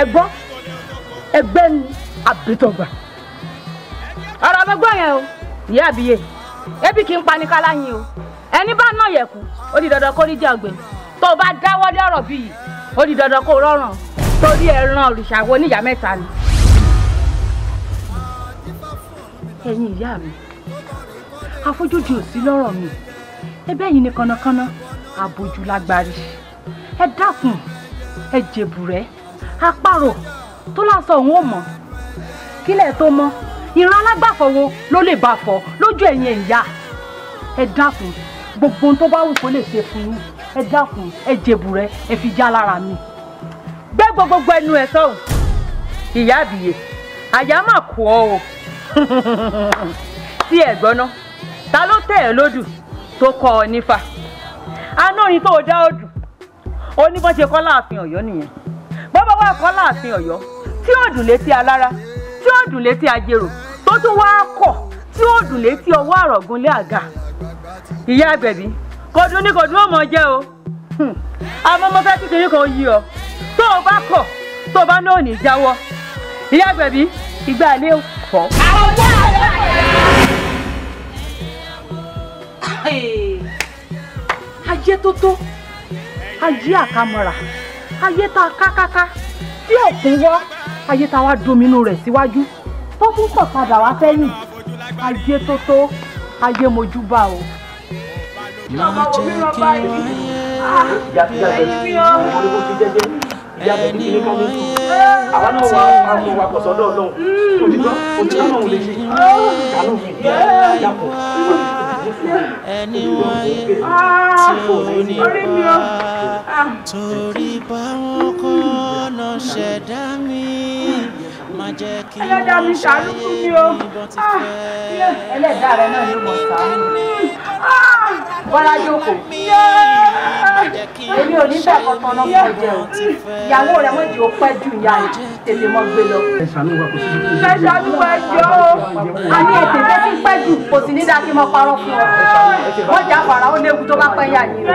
ẹ̀gbọ́n ẹgbẹ́ ni àbítọ̀gbà ọ̀rọ̀ ọmọ gbọ́ yẹn o ìyá àbíyè ẹbí kì í pa ní kálá yín o ẹni bá náà yẹ̀kú ó di dandan kó níjà gbé tó o bá dáwọ́ lé ọ̀rọ̀ bí yìí ó di dandan kó rọrùn torí ẹran òrìṣà wo níyà mẹ́ta ni. ẹ̀yin ìyá mi àfojúdi ò sí lọ́rọ̀ mi ẹbẹ́ yìí ni kànnàkànnà àbójú lágbárí ẹ dákun ẹ jèbùrẹ́ apárò tó lásán òun ò mọ̀ kílẹ̀ tó mọ́ ìran alágbàfọ̀ wo ló lè bá fọ lójú ẹ̀yin ẹ̀yà ẹ dákun gbogbo ohun tó bá wù kó lè ṣe fún yín ẹ dákun ẹ jèbù rẹ ẹ fi já lára mi. gbé gbogbogbò ẹnu ẹ sọ̀rọ̀ ìyá àbíyè àyà mà kú ọ o tí ẹ gbọ́ná ta ló tẹ̀ ẹ́ lódù tó kọ ọ nífà anóyin tó dá odù ó ní bọ́n ṣe kọ́ láàfin ọ̀yọ́ nìyẹn bọ́bá wà kọ́ láàfin ọ̀yọ́ tí ó létí alára tí ó létí ajérò tó tún wá kọ̀ tí ó dùn létí ọwọ́ àrọ̀gúnlé àga ìyá àgbẹ̀bí kò dùn ní kò dùn jẹ́ o hmm. àmọ́ mo fẹ́ kíkiri kan yí ọ tó o bá kọ̀ tó o bá náà ní jáwọ́ ìyá àgbẹ̀bí ìgbà ilé fọ́. àwọn ọ̀rẹ́ rẹ̀ ajé tó tó ajé àkàmọ̀ra ayé tá a kákáká tí òkun wọ́ ayé tá a wá dominú rẹ̀ síwájú. Si tó tún sọ̀kadà wá fẹ́yìn ajé tó tó ajé mojúbà o. máa ah, jẹ́ kí wọ́n yẹ ẹni wọ́n yẹ àwa náà wá àwọn wa pọ̀sọ̀ lọ́ọ̀ lọ́hùn òtítọ́ òtítọ́ náà ò lè ṣe ìdáná òfin ìdí àyàpọ̀ ẹni wọ́n tí ò ní wá torí báwọn kan náà ṣẹ̀dá mi ẹlẹ́dàá mi ṣàánú fún mi o ah, ẹlẹ́dàá rẹ náà ni mo ṣàánú bọ́lá jókòó èmi ò ní bẹ́ẹ̀ kankan náà kò jẹ o ìyàwó rẹ méjì ó pẹ́ ju ìyá rẹ tètè mọ́ gbé lọ. ẹ ṣàánú wa kò sí ní kí ẹ ṣàánú wa jọ o àní ètè fẹ́ kí pẹ́ jù kò sì ní dáa kí mo parọ́ fún ọ. wọ́n jà fara ó léwu tó bá pẹ́ yà yìí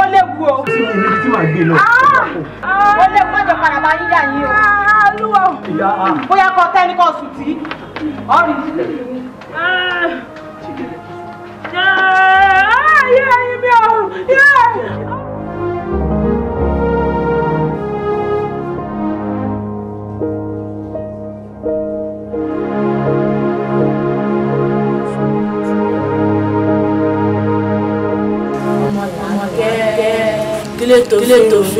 o o. tí mi níbi tí màá gbé lọ. Ah, ah, ó lè pọ́jọ padà bá yíyá yín o. Ah, olúwa o bóyá kọ tẹ́ ní kò sùn tí ọ̀rì. yẹ́ẹ̀ yẹ́ mi ò yẹ́ẹ̀. tó fi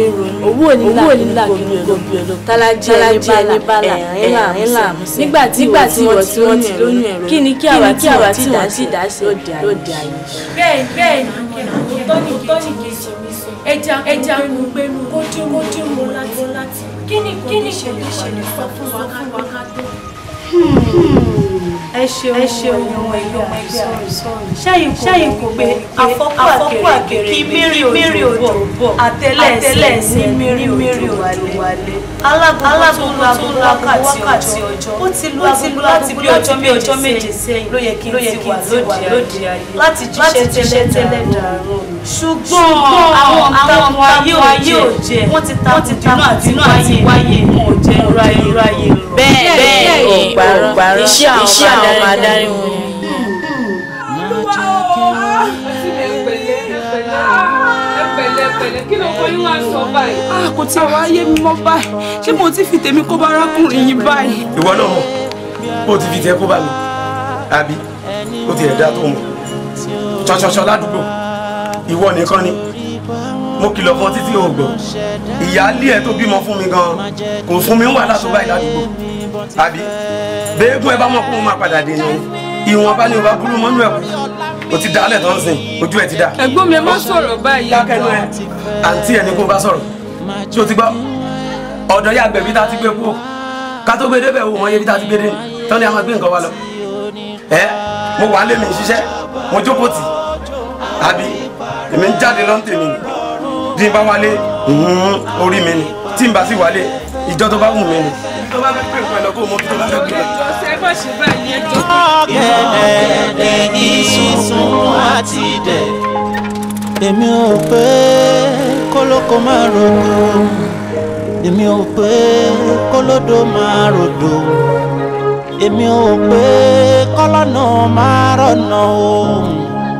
ń ronú owó onílà kìí gbòbí ọlọ́pàá tálájí ẹni bálà ẹ̀yàn ńlá nígbà tí ìwọ tí wọ́n ti lóyún ẹ̀rọ kí ni kí àwa tí wọ́n ti dá sí ìdásí lóde ayé. bẹ́ẹ̀ bẹ́ẹ̀ ni tọ́ni kejì mi sọ ẹja ẹja kò gbẹnu kó dín kó dín mu láti kí ni kò ní ṣẹlẹ̀ ṣẹlẹ̀ sọ fún wa ká tó. Hmm ẹ ṣeun ẹ ṣeun ọmọ ìlú ọmọ ìlú sọ̀rọ̀ ṣẹ́yìn kò ṣẹ́yìn kò gbé àfọ́kù àkèrè kí mérì òjò bọ̀ àtẹ́lẹ̀ẹ́sẹ̀ mérì òjò wálé alábòókù tó ń wákàtí ọjọ́ ó ti lu láti bí ọjọ́ ọjọ́ méje sẹ́yìn ló yẹ kí n ti wà lóde ayé láti jíṣẹ́ tẹ́lẹ̀ dàrú ṣùgbọ́n àwọn àwọn ayé ò jẹ wọ́n ti ta kùdínú àti wáyé wọn ò jẹ ráyé ráyé bẹ́ẹ̀ bẹ́ẹ̀ ọ̀gbàrán iṣẹ́ àwọn iṣẹ́ àwọn adarí wọn ni. olúwa hmm, o hmm. ti lè pẹ̀lẹ́ pẹ̀lẹ́ pẹ̀lẹ́ kí ló kọ́ yín wá sọ báyìí. a ah, kò tí a wá yé mi mọ́ báyìí ṣé mo ti fi tèmi kó bá arákùnrin yìí báyìí. ìwọ náà mọ̀ mo ti fi tẹ kó bá mi àbí ó ti ẹ̀dá tó mọ̀ ṣọṣọṣọ ládùúgbò ìwọ nìkan ni mo kìlọ̀ fún títí ògbọ̀ ìyáálé ẹ̀ tó bímọ fún mi gan kò fún mi ń wà látó báyìí ládùúgbò àbí béègùn ẹ bá mọ̀ kó o máa padà dé ní ìwọ̀n bá ní o bá burú mọ́nú ẹ̀kú o ti dalẹ̀ tó ń sìn ojú ẹ̀ ti dà. ẹ̀gbọ́n mi ẹ má sọ̀rọ̀ báyìí. dákẹ́nu ẹ àǹtí ẹ ní kó o bá sọ̀rọ̀ tí o ti gbọ́ ọ̀dọ̀ yà gbẹ̀bí tá a ti gbé kú o ká tó gbé débẹ̀ o wọ́n yẹ bí tá a ti gbé dé tán ni a máa gbé nǹkan wa lọ. ẹ mo wà á lé mi ṣiṣẹ́ mo jókòó tì àbí èmi ń jáde lọ́ntẹ̀ mi bí n bá wálé orí mi ni tí n bá sì wálé ìjọ tó bá wù mí ni tó bá fẹ́ pè fún ẹ lọ kó o mọ bí tó bá fẹ́ pè. ẹjọ́ sẹ́gbọ̀n ṣe báyìí ẹjọ́. ọ̀gẹ̀dẹ̀ èmi ò pé kólókó máa rodò èmi ò pé kólódó máa rodò èmi ò pé kọ́lọ́nà máa rọ̀nà o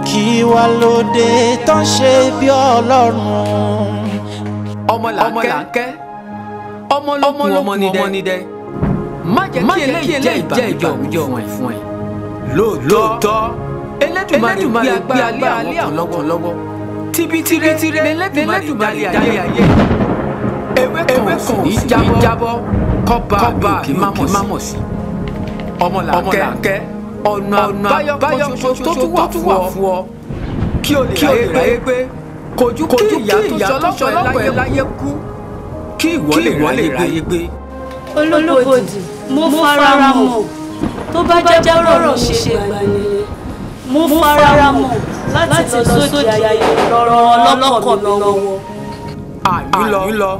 kí wá lóde tó ṣe bí ọlọ́run. ọmọ làǹkẹ́ ọmọ lókun ọmọ nídẹ má jẹ́ kí eléyìí jẹ́ ìbànújẹ́ òun ẹ̀ fún ẹ̀. lóòótọ́ Elédùmarè gbé agbára alẹ́ àwọn lọ́wọ́lọ́wọ́ tibitire lẹ́lẹ́dùmarè dáyé ayé ewé kan ò sì ní jábọ́ kọ́ba òkè mámọ̀ sí ọmọ làákẹ́ ọ̀nà àbáyọ tó tún wà fún ọ kí o lè ráyé pé kojú kí ìyá tó sọlọ́pọ̀ ẹ̀ láyé kú kí ìwọ lè ráyé gbé. olóbodì mo fara mọ́ tó bá jẹ́ bọ́rọ̀ mi ṣe gbà nìyẹn mo fara mọ́ láti lọ sódì ayé lọ́rọ̀ ọlọ́kọ̀ mi lọ́wọ́. àyùlọ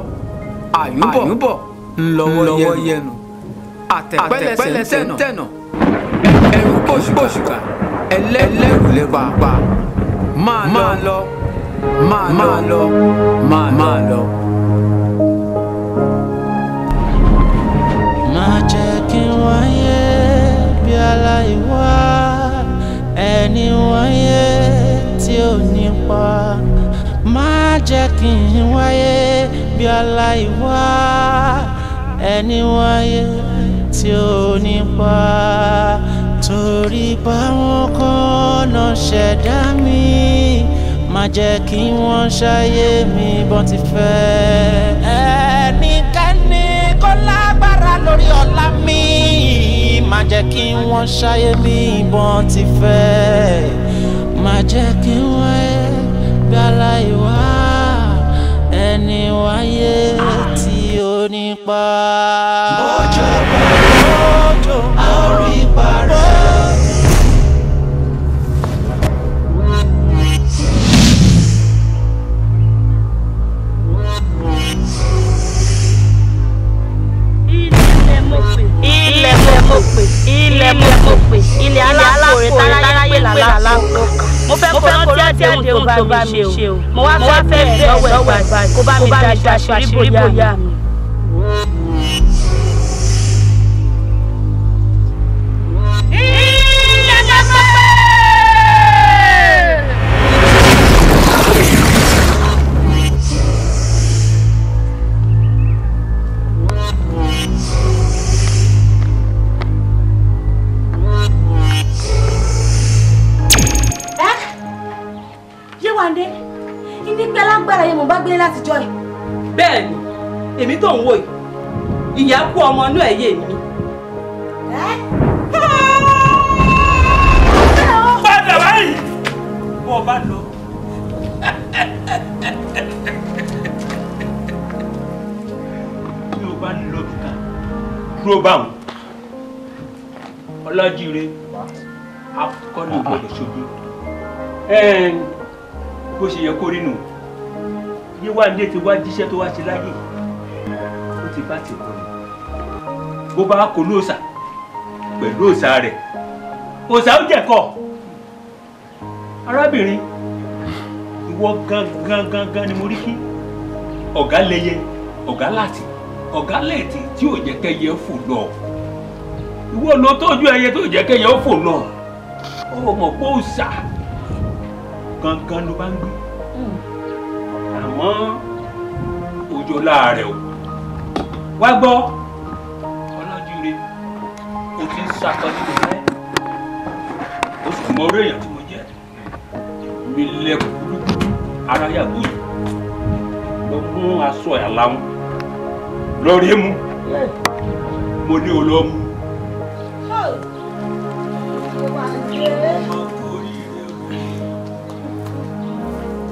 àyùbọ̀ ńlọ́wọ́ yẹnu àtẹ̀pẹ́lẹsẹ̀ ń tẹ̀nà ẹ̀rù bòṣùkà ẹlẹ́rù lè pa máa lọ máa lọ máa lọ máa lọ. pọ̀ má jẹ́ kí n wáyé bí aláìwá ẹni wáyé tí ò ní pa torí báwọn kan ṣẹ̀dá mi má jẹ́ kí wọ́n ṣayé mi bọ́n ti fẹ́. ẹnikẹ́ni kó lágbára lórí ọ̀la mi má jẹ́ kí wọ́n ṣayé mi bọ́n ti fẹ́ má jẹ́ kí wọ́n ẹ̀ ìwà ẹni wáyé tí ó nípa. bójú bójú àórí parẹ́. ilẹ̀ mo pè ilẹ̀ alákòrè táráyé pè làlá mo fẹ́ kó rántí àdéhùn tó bá mi ṣe o mo wá fẹ́ bẹ́ẹ̀ lọ́wọ́ ẹ̀ báyìí kó bá mi dájú àṣírí bóyá mi. obìnrin tó ń wò yìí ìyá kú ọmọ inú ẹ̀ yé mi. padà báyìí Mo o bá lọ. tí o bá lọ kíkan dúró báwọn ọlọ́jire akọni ìgbọ̀dọ̀ ṣojú bó ṣe yẹ kó rí nù yíwá ilé tí wá jíṣẹ́ tó wá ṣe láyé yìí ti bá ti kọ ni bó bá kọ lóòsà pẹ̀lú òòsà rẹ̀ òòsà ó jẹ̀kọ̀ arábìnrin ìwọ gangan gangan ni mo rí kí ọ̀gá lẹyẹ ọ̀gá láti ọ̀gá lẹ́ẹ̀tì tí ò jẹ́ kẹyẹ fò lọ ìwọ lọ tọ́jú ẹyẹ tó jẹ́ kẹyẹ fò lọ ó mọ̀ pé òòsà gangan ló bá ń gbé hmm. àmọ́ òjò láàrẹ̀ o wá gbọ́ ọlọ́júre o ti ń ṣàkọsí mi rẹ o sì mọ orí èèyàn tí mo jẹ mi lẹkùn ara yàgò yìí lọ mú aṣọ ẹ̀ láwọn lọ́ọ̀rì mu mo ní olóòmù.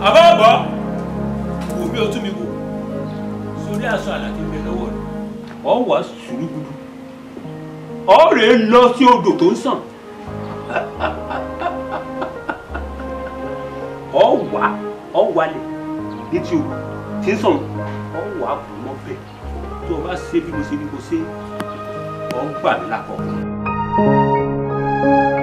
àbá ọ̀bọ̀ wò bí o tún mi wò sórí aṣọ àlàkí ọ wà sùúrù gbùdù ọ rèé lọ sí odò tó ń sàn ọ wà ọ wàlẹ̀ létí o tí ń sàn ọ wà kù mọ́ bẹ́ẹ̀ tó o bá ṣe bí mo ṣe bí mo ṣe ọ gbà mí lákọ̀ọ́kọ́.